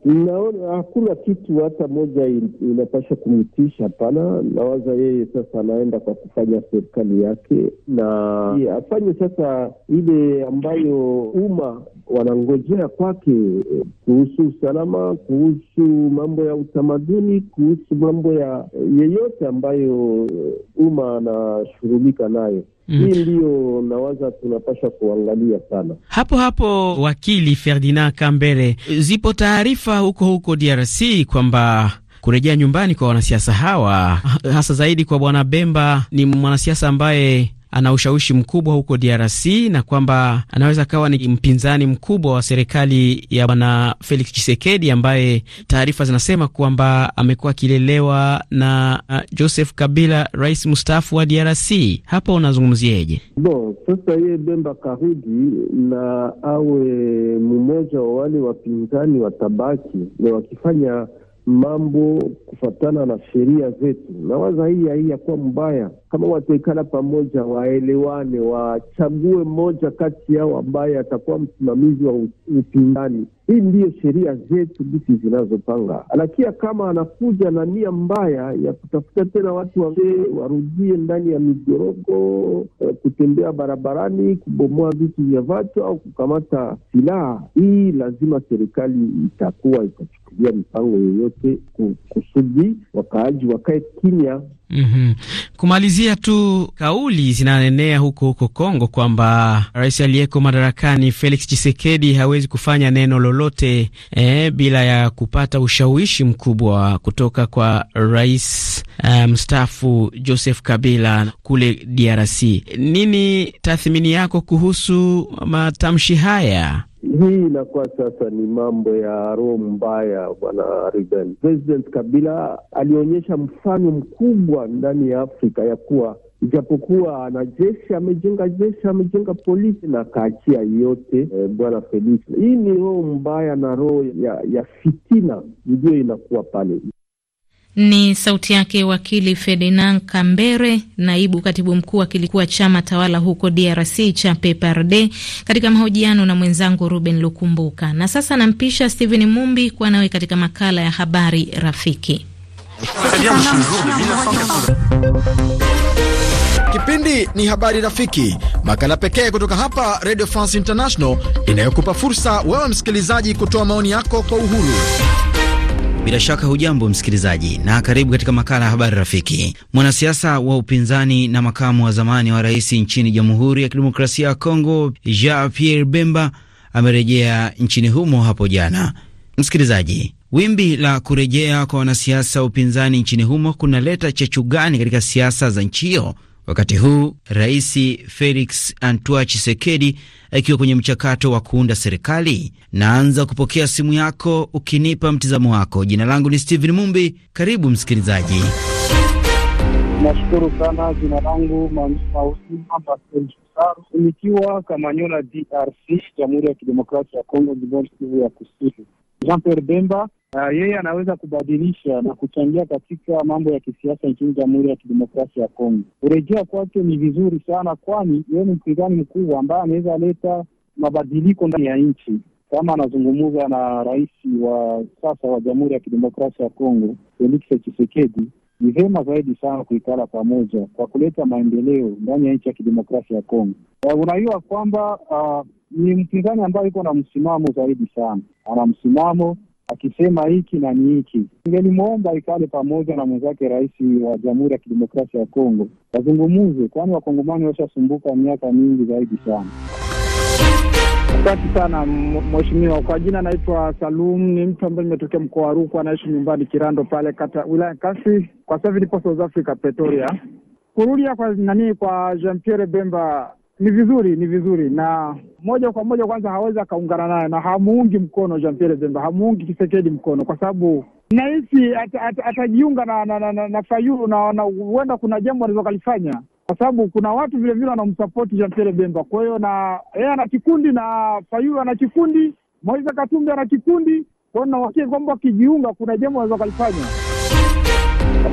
Naona hakuna kitu hata moja inapasha kumtisha. Hapana, nawaza yeye sasa anaenda kwa kufanya serikali yake na afanye sasa ile ambayo umma wanangojea kwake eh, kuhusu usalama, kuhusu mambo ya utamaduni, kuhusu mambo ya eh, yeyote ambayo eh, umma anashughulika nayo. Mm. Hii ndiyo nawaza tunapasha kuangalia sana. Hapo hapo, wakili Ferdinand Kambere, zipo taarifa huko huko DRC kwamba kurejea nyumbani kwa wanasiasa hawa hasa zaidi kwa bwana Bemba, ni mwanasiasa ambaye ana ushawishi mkubwa huko DRC na kwamba anaweza kawa ni mpinzani mkubwa wa serikali ya bwana Felix Tshisekedi ambaye taarifa zinasema kwamba amekuwa akilelewa na uh, Joseph Kabila, rais mstaafu wa DRC. Hapa unazungumziaje? Bo, sasa yeye Bemba Karudi na awe mmoja wa wale wapinzani watabaki na wakifanya mambo kufatana na sheria zetu. Nawaza hii yakuwa mbaya kama wataikala pamoja, waelewane, wachague mmoja kati yao ambaye atakuwa msimamizi wa upinzani hii ndiyo sheria zetu bisi zinazopanga, alakia kama anakuja na nia mbaya ya kutafuta tena watu wazee warudie ndani ya migorogo, eh, kutembea barabarani, kubomoa vitu vya watu au kukamata silaha, hii lazima serikali itakuwa itachukulia mipango yoyote kusudi wakaaji wakae kimya. Mm -hmm. Kumalizia tu, kauli zinaenea huko huko Kongo kwamba rais aliyeko madarakani Felix Tshisekedi hawezi kufanya neno lolote eh, bila ya kupata ushawishi mkubwa kutoka kwa rais eh, mstaafu um, Joseph Kabila kule DRC. Nini tathmini yako kuhusu matamshi haya? Hii inakuwa sasa ni mambo ya roho mbaya, bwana Ruben. President Kabila alionyesha mfano mkubwa ndani ya Afrika ya kuwa ijapokuwa ana jeshi amejenga jeshi amejenga polisi na akaachia yote eh, bwana Felix. Hii ni roho mbaya na roho ya, ya fitina ndiyo inakuwa pale. Ni sauti yake wakili Ferdinand Kambere, naibu katibu mkuu wa kilikuwa chama tawala huko DRC cha PPRD, katika mahojiano na mwenzangu Ruben Lukumbuka. Na sasa nampisha Stephen Mumbi kuwa nawe katika makala ya habari rafiki. Kipindi ni habari rafiki, makala pekee kutoka hapa Radio France International inayokupa fursa wewe msikilizaji kutoa maoni yako kwa uhuru. Bila shaka hujambo msikilizaji, na karibu katika makala ya habari rafiki. Mwanasiasa wa upinzani na makamu wa zamani wa rais nchini Jamhuri ya Kidemokrasia ya Kongo, Jean Pierre Bemba amerejea nchini humo hapo jana. Msikilizaji, wimbi la kurejea kwa wanasiasa wa upinzani nchini humo kunaleta chachu gani katika siasa za nchi hiyo? wakati huu Rais Felix Antoine Chisekedi akiwa kwenye mchakato wa kuunda serikali. Naanza kupokea simu yako ukinipa mtizamo wako. Jina langu ni Steven Mumbi, karibu msikilizaji. Nashukuru sana. Jina langu nikiwa Kamanyola, DRC, Jamhuri ya Kidemokrasia ya Kongo, Kivu ya Kusini. Jean Pierre Bemba Uh, yeye anaweza kubadilisha na kuchangia katika mambo ya kisiasa nchini Jamhuri ya Kidemokrasia ya Kongo. Kurejea kwake ni vizuri sana, kwani yeye ni mpinzani mkubwa ambaye anaweza leta mabadiliko ndani ya nchi kama anazungumza na rais wa sasa wa Jamhuri ya Kidemokrasia ya Kongo Felix Tshisekedi, ni vema zaidi sana kuikala pamoja kwa kuleta maendeleo ndani ya nchi ya kidemokrasia ya Kongo. Ah, unajua kwamba uh, ni mpinzani ambaye iko na msimamo zaidi sana, ana msimamo akisema hiki na ni hiki. Ningelimwomba ikale pamoja na mwenzake rais wa Jamhuri ya Kidemokrasia ya Kongo wazungumuze, kwani wakongomani washasumbuka miaka mingi zaidi sana. Asante sana mheshimiwa. Kwa jina naitwa Salum, ni mtu ambaye nimetokea mkoa wa Rukwa, anaishi nyumbani Kirando pale kata wilaya Kasi. Kwa sasa hivi nipo South Africa, Pretoria. Kurudia kwa nani, kwa Jean Pierre Bemba ni vizuri, ni vizuri na moja kwa moja. Kwanza hawezi akaungana naye na hamuungi mkono Jean Pierre Zemba, hamuungi Kisekedi mkono kwa sababu nahisi at, at, atajiunga na, na, na, na, na Fayulu na huenda kuna jambo anaweza kalifanya kwa sababu kuna watu vilevile wanamsapoti Jean Pierre Bemba. Kwa hiyo na yeye ana kikundi na Fayulu ana kikundi, Moise Katumbi ana kikundi. kwao nawakia kwamba wakijiunga kuna jambo wanaweza kalifanya.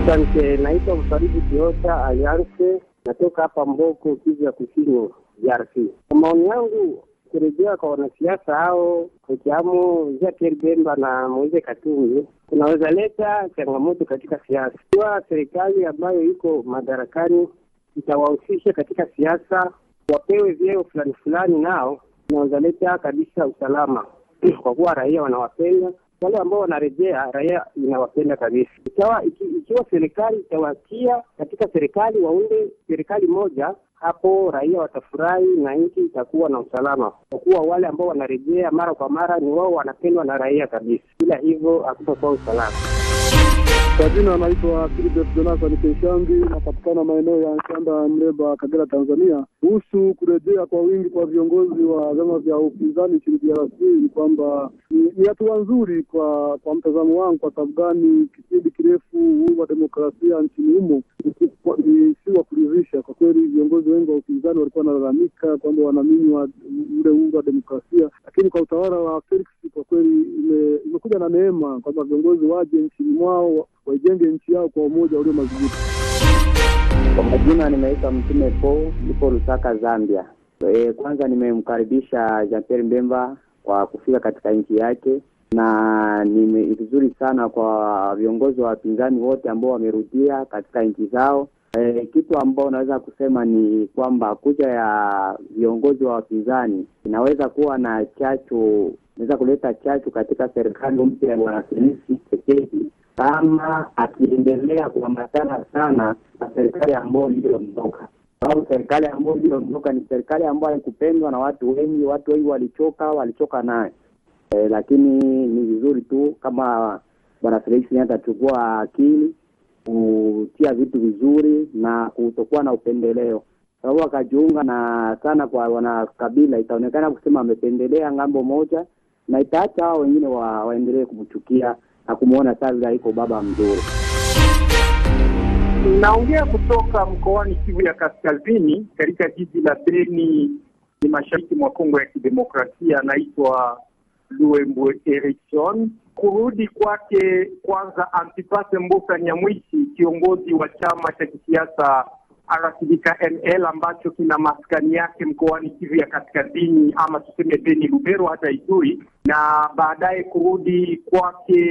Asante. Naitwa msaridi Kiota Alianse natoka hapa Mboko, Kivu ya Kusini, DRC. Kwa maoni yangu, kurejea kwa wanasiasa hao akiamo Jean-Pierre Bemba na Moise Katumbi kunaweza leta changamoto katika siasa. kiwa serikali ambayo iko madarakani itawahusisha katika siasa, wapewe vyeo fulani fulani, nao inaweza leta kabisa usalama *clears throat* kwa kuwa raia wanawapenda wale ambao wanarejea, raia inawapenda kabisa. Ikiwa, iki, ikiwa serikali itawatia katika serikali, waunde serikali moja hapo raia watafurahi na nchi itakuwa na usalama, kwa kuwa wale ambao wanarejea mara kwa mara ni wao wanapendwa na raia kabisa, bila hivyo hakutakuwa usalama. Kwa jina anaitwa Philip Jonathan Keshambi, napatikana maeneo ya Nkanda, Mleba, Kagera, Tanzania. Kuhusu kurejea kwa wingi kwa viongozi wa vyama vya upinzani nchini DRC ni kwamba ni hatua nzuri kwa kwa mtazamo wangu. Kwa sababu gani? Kipindi kirefu huu wa demokrasia nchini humo si wa kuridhisha kwa kweli. Viongozi wengi wa upinzani walikuwa wanalalamika kwamba wanaminywa ule uhuru wa demokrasia, lakini kwa utawala wa Felix kwa kweli imekuja na neema kwamba viongozi waje nchini mwao waijenge nchi yao kwa umoja ulio madhubuti. Kwa majina nimeita Mtume Po, nipo Lusaka, Zambia. E, kwanza nimemkaribisha Jean Pierre Mbemba kwa kufika katika nchi yake, na ni vizuri sana kwa viongozi wa wapinzani wote ambao wamerudia katika nchi zao. E, kitu ambao unaweza kusema ni kwamba kuja ya viongozi wa wapinzani inaweza kuwa na chachu, inaweza kuleta chachu katika serikali mpya ya Bwana Felix Tshisekedi kama akiendelea kuambatana sana na serikali ambayo iliyoondoka, sababu serikali ambayo iliyoondoka ni serikali ambayo haikupendwa na watu wengi. Watu wengi walichoka, walichoka naye eh, lakini ni vizuri tu kama bwana Felix atachukua akili kutia vitu vizuri na kutokuwa na upendeleo, sababu akajiunga na sana kwa wanakabila, itaonekana kusema amependelea ngambo moja na itaacha hao wengine wa, waendelee kumchukia na kumwona Salla baba mzuri. Naongea kutoka mkoani Kivu ya Kaskazini, katika jiji la Beni, ni mashariki mwa Kongo ya Kidemokrasia. Anaitwa Luembo Erikson. Kurudi kwake kwanza, Antipase Mbusa Nyamwisi, kiongozi wa chama cha kisiasa rcd ambacho kina maskani yake mkoani Kivu ya Kaskazini, ama tuseme Beni, Lubero hata Ituri, na baadaye kurudi kwake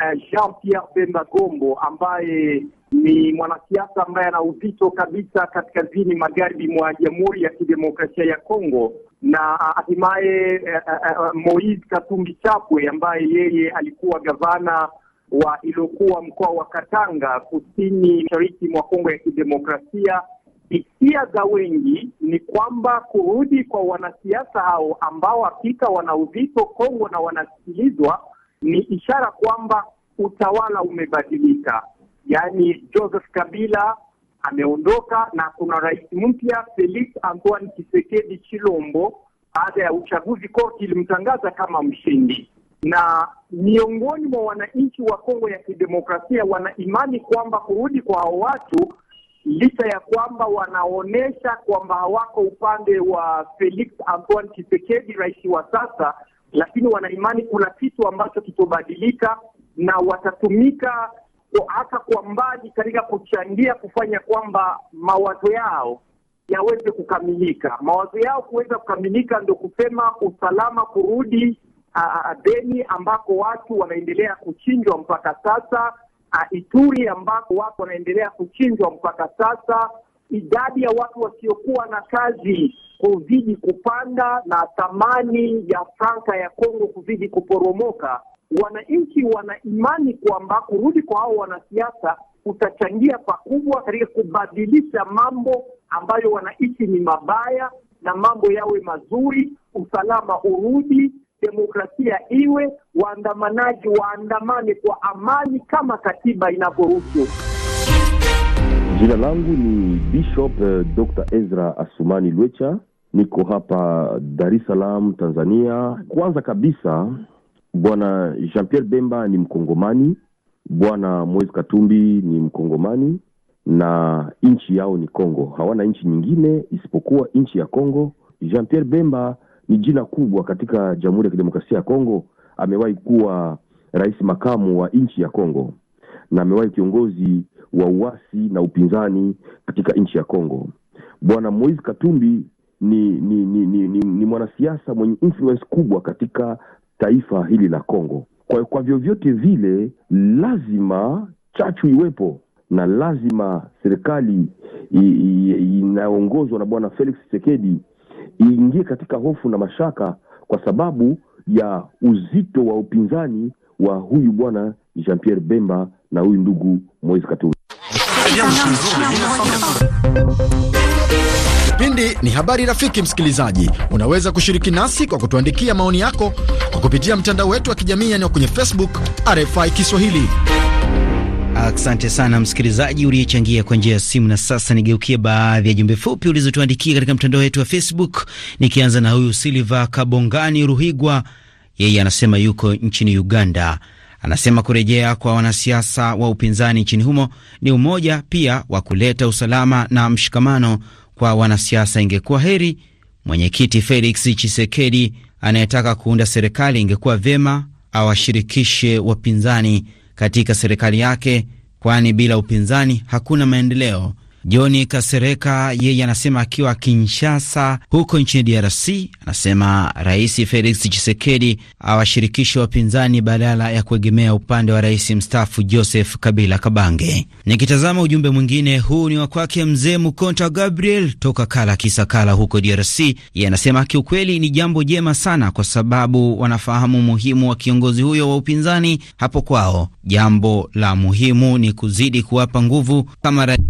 uh, eh, Jean Pierre Bemba Gombo ambaye ni mwanasiasa ambaye ana uzito kabisa kaskazini magharibi mwa Jamhuri ya Kidemokrasia ya Kongo, na ah, hatimaye uh, uh, uh, Moise Katumbi Chapwe ambaye yeye alikuwa gavana wa iliokuwa mkoa wa Katanga kusini mashariki mwa Kongo ya Kidemokrasia. Hisia za wengi ni kwamba kurudi kwa wanasiasa hao ambao hakika wana uzito Kongo na wanasikilizwa ni ishara kwamba utawala umebadilika, yaani Joseph Kabila ameondoka na kuna rais mpya Felix Antoine Tshisekedi Chilombo. Baada ya uchaguzi, korti ilimtangaza kama mshindi na miongoni mwa wananchi wa Kongo ya Kidemokrasia wanaimani kwamba kurudi kwa hao watu licha ya kwamba wanaonyesha kwamba hawako upande wa Felix Antoine Tshisekedi, rais wa sasa, lakini wanaimani kuna kitu ambacho kitobadilika na watatumika hata kwa mbali katika kuchangia kufanya kwamba mawazo yao yaweze kukamilika. Mawazo yao kuweza kukamilika ndio kusema usalama kurudi uh, Beni ambako watu wanaendelea kuchinjwa mpaka sasa, uh, Ituri ambako watu wanaendelea kuchinjwa mpaka sasa, idadi ya watu wasiokuwa na kazi kuzidi kupanda na thamani ya franka ya Kongo kuzidi kuporomoka. Wananchi wana imani kwamba kurudi kwa hao wanasiasa kutachangia pakubwa katika kubadilisha mambo ambayo wanaishi ni mabaya na mambo yawe mazuri, usalama urudi demokrasia iwe, waandamanaji waandamane kwa amani kama katiba inavyoruhusu. Jina langu ni Bishop eh, Dr. Ezra Asumani Lwecha, niko hapa Dar es Salaam, Tanzania. Kwanza kabisa, bwana Jean Pierre Bemba ni Mkongomani, bwana Moise Katumbi ni Mkongomani na nchi yao ni Kongo, hawana nchi nyingine isipokuwa nchi ya Kongo. Jean Pierre Bemba ni jina kubwa katika Jamhuri ya Kidemokrasia ya Kongo. Amewahi kuwa rais makamu wa nchi ya Kongo na amewahi kiongozi wa uasi na upinzani katika nchi ya Kongo. Bwana mois Katumbi ni ni ni, ni, ni, ni mwanasiasa mwenye influence kubwa katika taifa hili la Kongo. Kwa kwa vyovyote vile lazima chachu iwepo na lazima serikali inayoongozwa na Bwana Felix chisekedi iingie katika hofu na mashaka kwa sababu ya uzito wa upinzani wa huyu bwana Jean Pierre Bemba na huyu ndugu Moise Katumbi. Kipindi ni habari. Rafiki msikilizaji, unaweza kushiriki nasi kwa kutuandikia maoni yako kwa kupitia mtandao wetu wa kijamii, yani kwenye Facebook RFI Kiswahili. Asante sana msikilizaji uliyechangia kwa njia ya simu. Na sasa nigeukie baadhi ya jumbe fupi ulizotuandikia katika mtandao wetu wa Facebook, nikianza na huyu Silva Kabongani Ruhigwa. Yeye anasema yuko nchini Uganda. Anasema kurejea kwa wanasiasa wa upinzani nchini humo ni umoja pia wa kuleta usalama na mshikamano kwa wanasiasa. Ingekuwa heri mwenyekiti Felix Chisekedi anayetaka kuunda serikali, ingekuwa vyema awashirikishe wapinzani katika serikali yake kwani bila upinzani hakuna maendeleo Johni Kasereka yeye anasema akiwa Kinshasa huko nchini DRC, anasema Rais Felix Tshisekedi awashirikishe wapinzani badala ya kuegemea upande wa rais mstaafu Joseph Kabila Kabange. Nikitazama ujumbe mwingine, huu ni wa kwake mzee Mkonta Gabriel toka Kala Kisakala huko DRC. Yeye anasema kiukweli ni jambo jema sana, kwa sababu wanafahamu umuhimu wa kiongozi huyo wa upinzani hapo kwao. Jambo la muhimu ni kuzidi kuwapa nguvu kama rais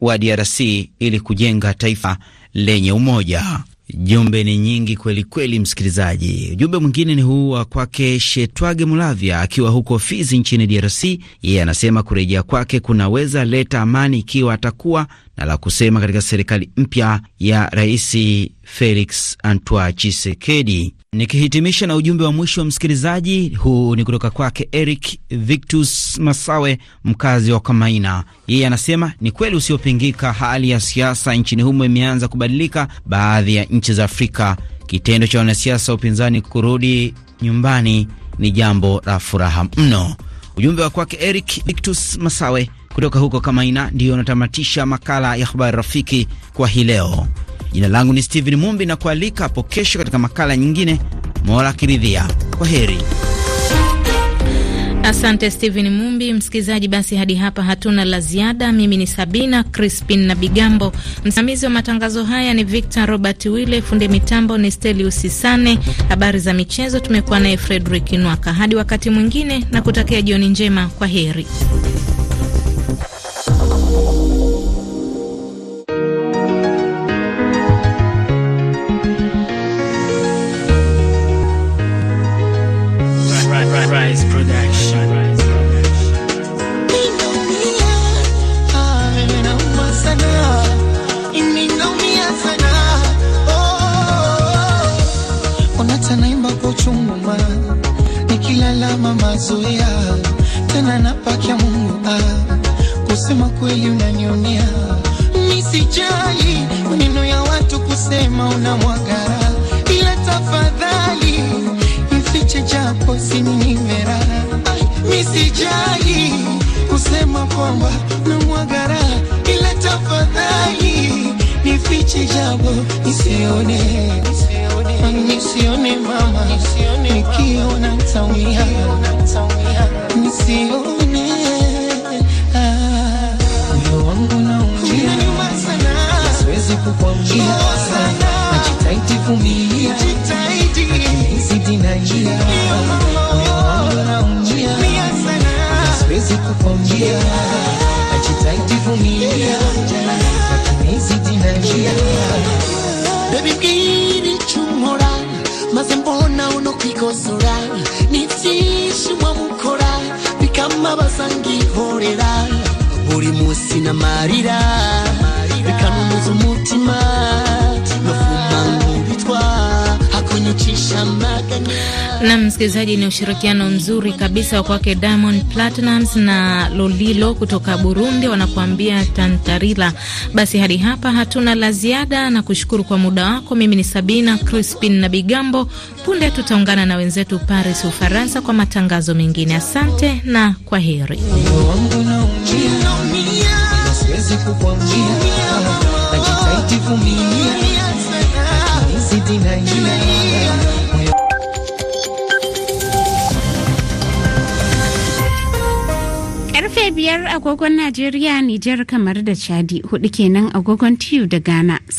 wa DRC ili kujenga taifa lenye umoja. Jumbe ni nyingi kweli kweli, msikilizaji. Ujumbe mwingine ni huu wa kwake Shetwage Mulavya akiwa huko Fizi nchini DRC. Yeye anasema kurejea kwake kunaweza leta amani ikiwa atakuwa na la kusema katika serikali mpya ya Rais Felix Antoine Tshisekedi. Nikihitimisha na ujumbe wa mwisho wa msikilizaji, huu ni kutoka kwake Eric Victus Masawe, mkazi wa Kamaina. Yeye anasema ni kweli usiopingika, hali ya siasa nchini humo imeanza kubadilika baadhi ya nchi za Afrika. Kitendo cha wanasiasa wa upinzani kurudi nyumbani ni jambo la furaha mno. Ujumbe wa kwake Eric Victus Masawe kutoka huko Kamaina ndiyo unatamatisha makala ya habari rafiki kwa hii leo. Jina langu ni Steven Mumbi na kualika hapo kesho katika makala nyingine, Mola akiridhia. Kwa heri. Asante Steven Mumbi. Msikilizaji, basi hadi hapa hatuna la ziada. Mimi ni Sabina Crispin na Bigambo, msimamizi wa matangazo haya ni Victor Robert Wille, fundi mitambo ni Stelius Sane. Habari za michezo tumekuwa naye Frederick Nwaka. Hadi wakati mwingine, na kutakia jioni njema. Kwa heri. kulia tena napakia Mungu ah, kusema kweli unanionia, nisijali maneno ya watu kusema unamwaga, ila tafadhali ifiche japo sininimera, nisijali kusema kwamba unamwaga, ila tafadhali nifiche jabo nisione, nisione mama, nikiona nitaumia, nisione moyo wangu naumia, siwezi kukwambia, najitahidi kuvumilia, zidi na njia, moyo wangu naumia, siwezi kukwambia, najitahidi kuvumilia magia de vivir icumora maze mbona uno kwigosora ni byinshi mwa mukora bikamabaza ngihorera buri munsi n'amarira bikanunuza umutima nafuma nkubitwa hakunyucisha amaganya na msikilizaji, ni ushirikiano mzuri kabisa wa kwake Diamond Platnumz na Lolilo kutoka Burundi, wanakuambia Tantarila. Basi hadi hapa hatuna la ziada, na kushukuru kwa muda wako. Mimi ni Sabina Crispin na Bigambo. Punde tutaungana na wenzetu Paris, Ufaransa, kwa matangazo mengine. Asante na kwa heri. biyar agogon Najeriya, Nijar kamar da Chadi, hudu kenan agogon Tiyu da Ghana.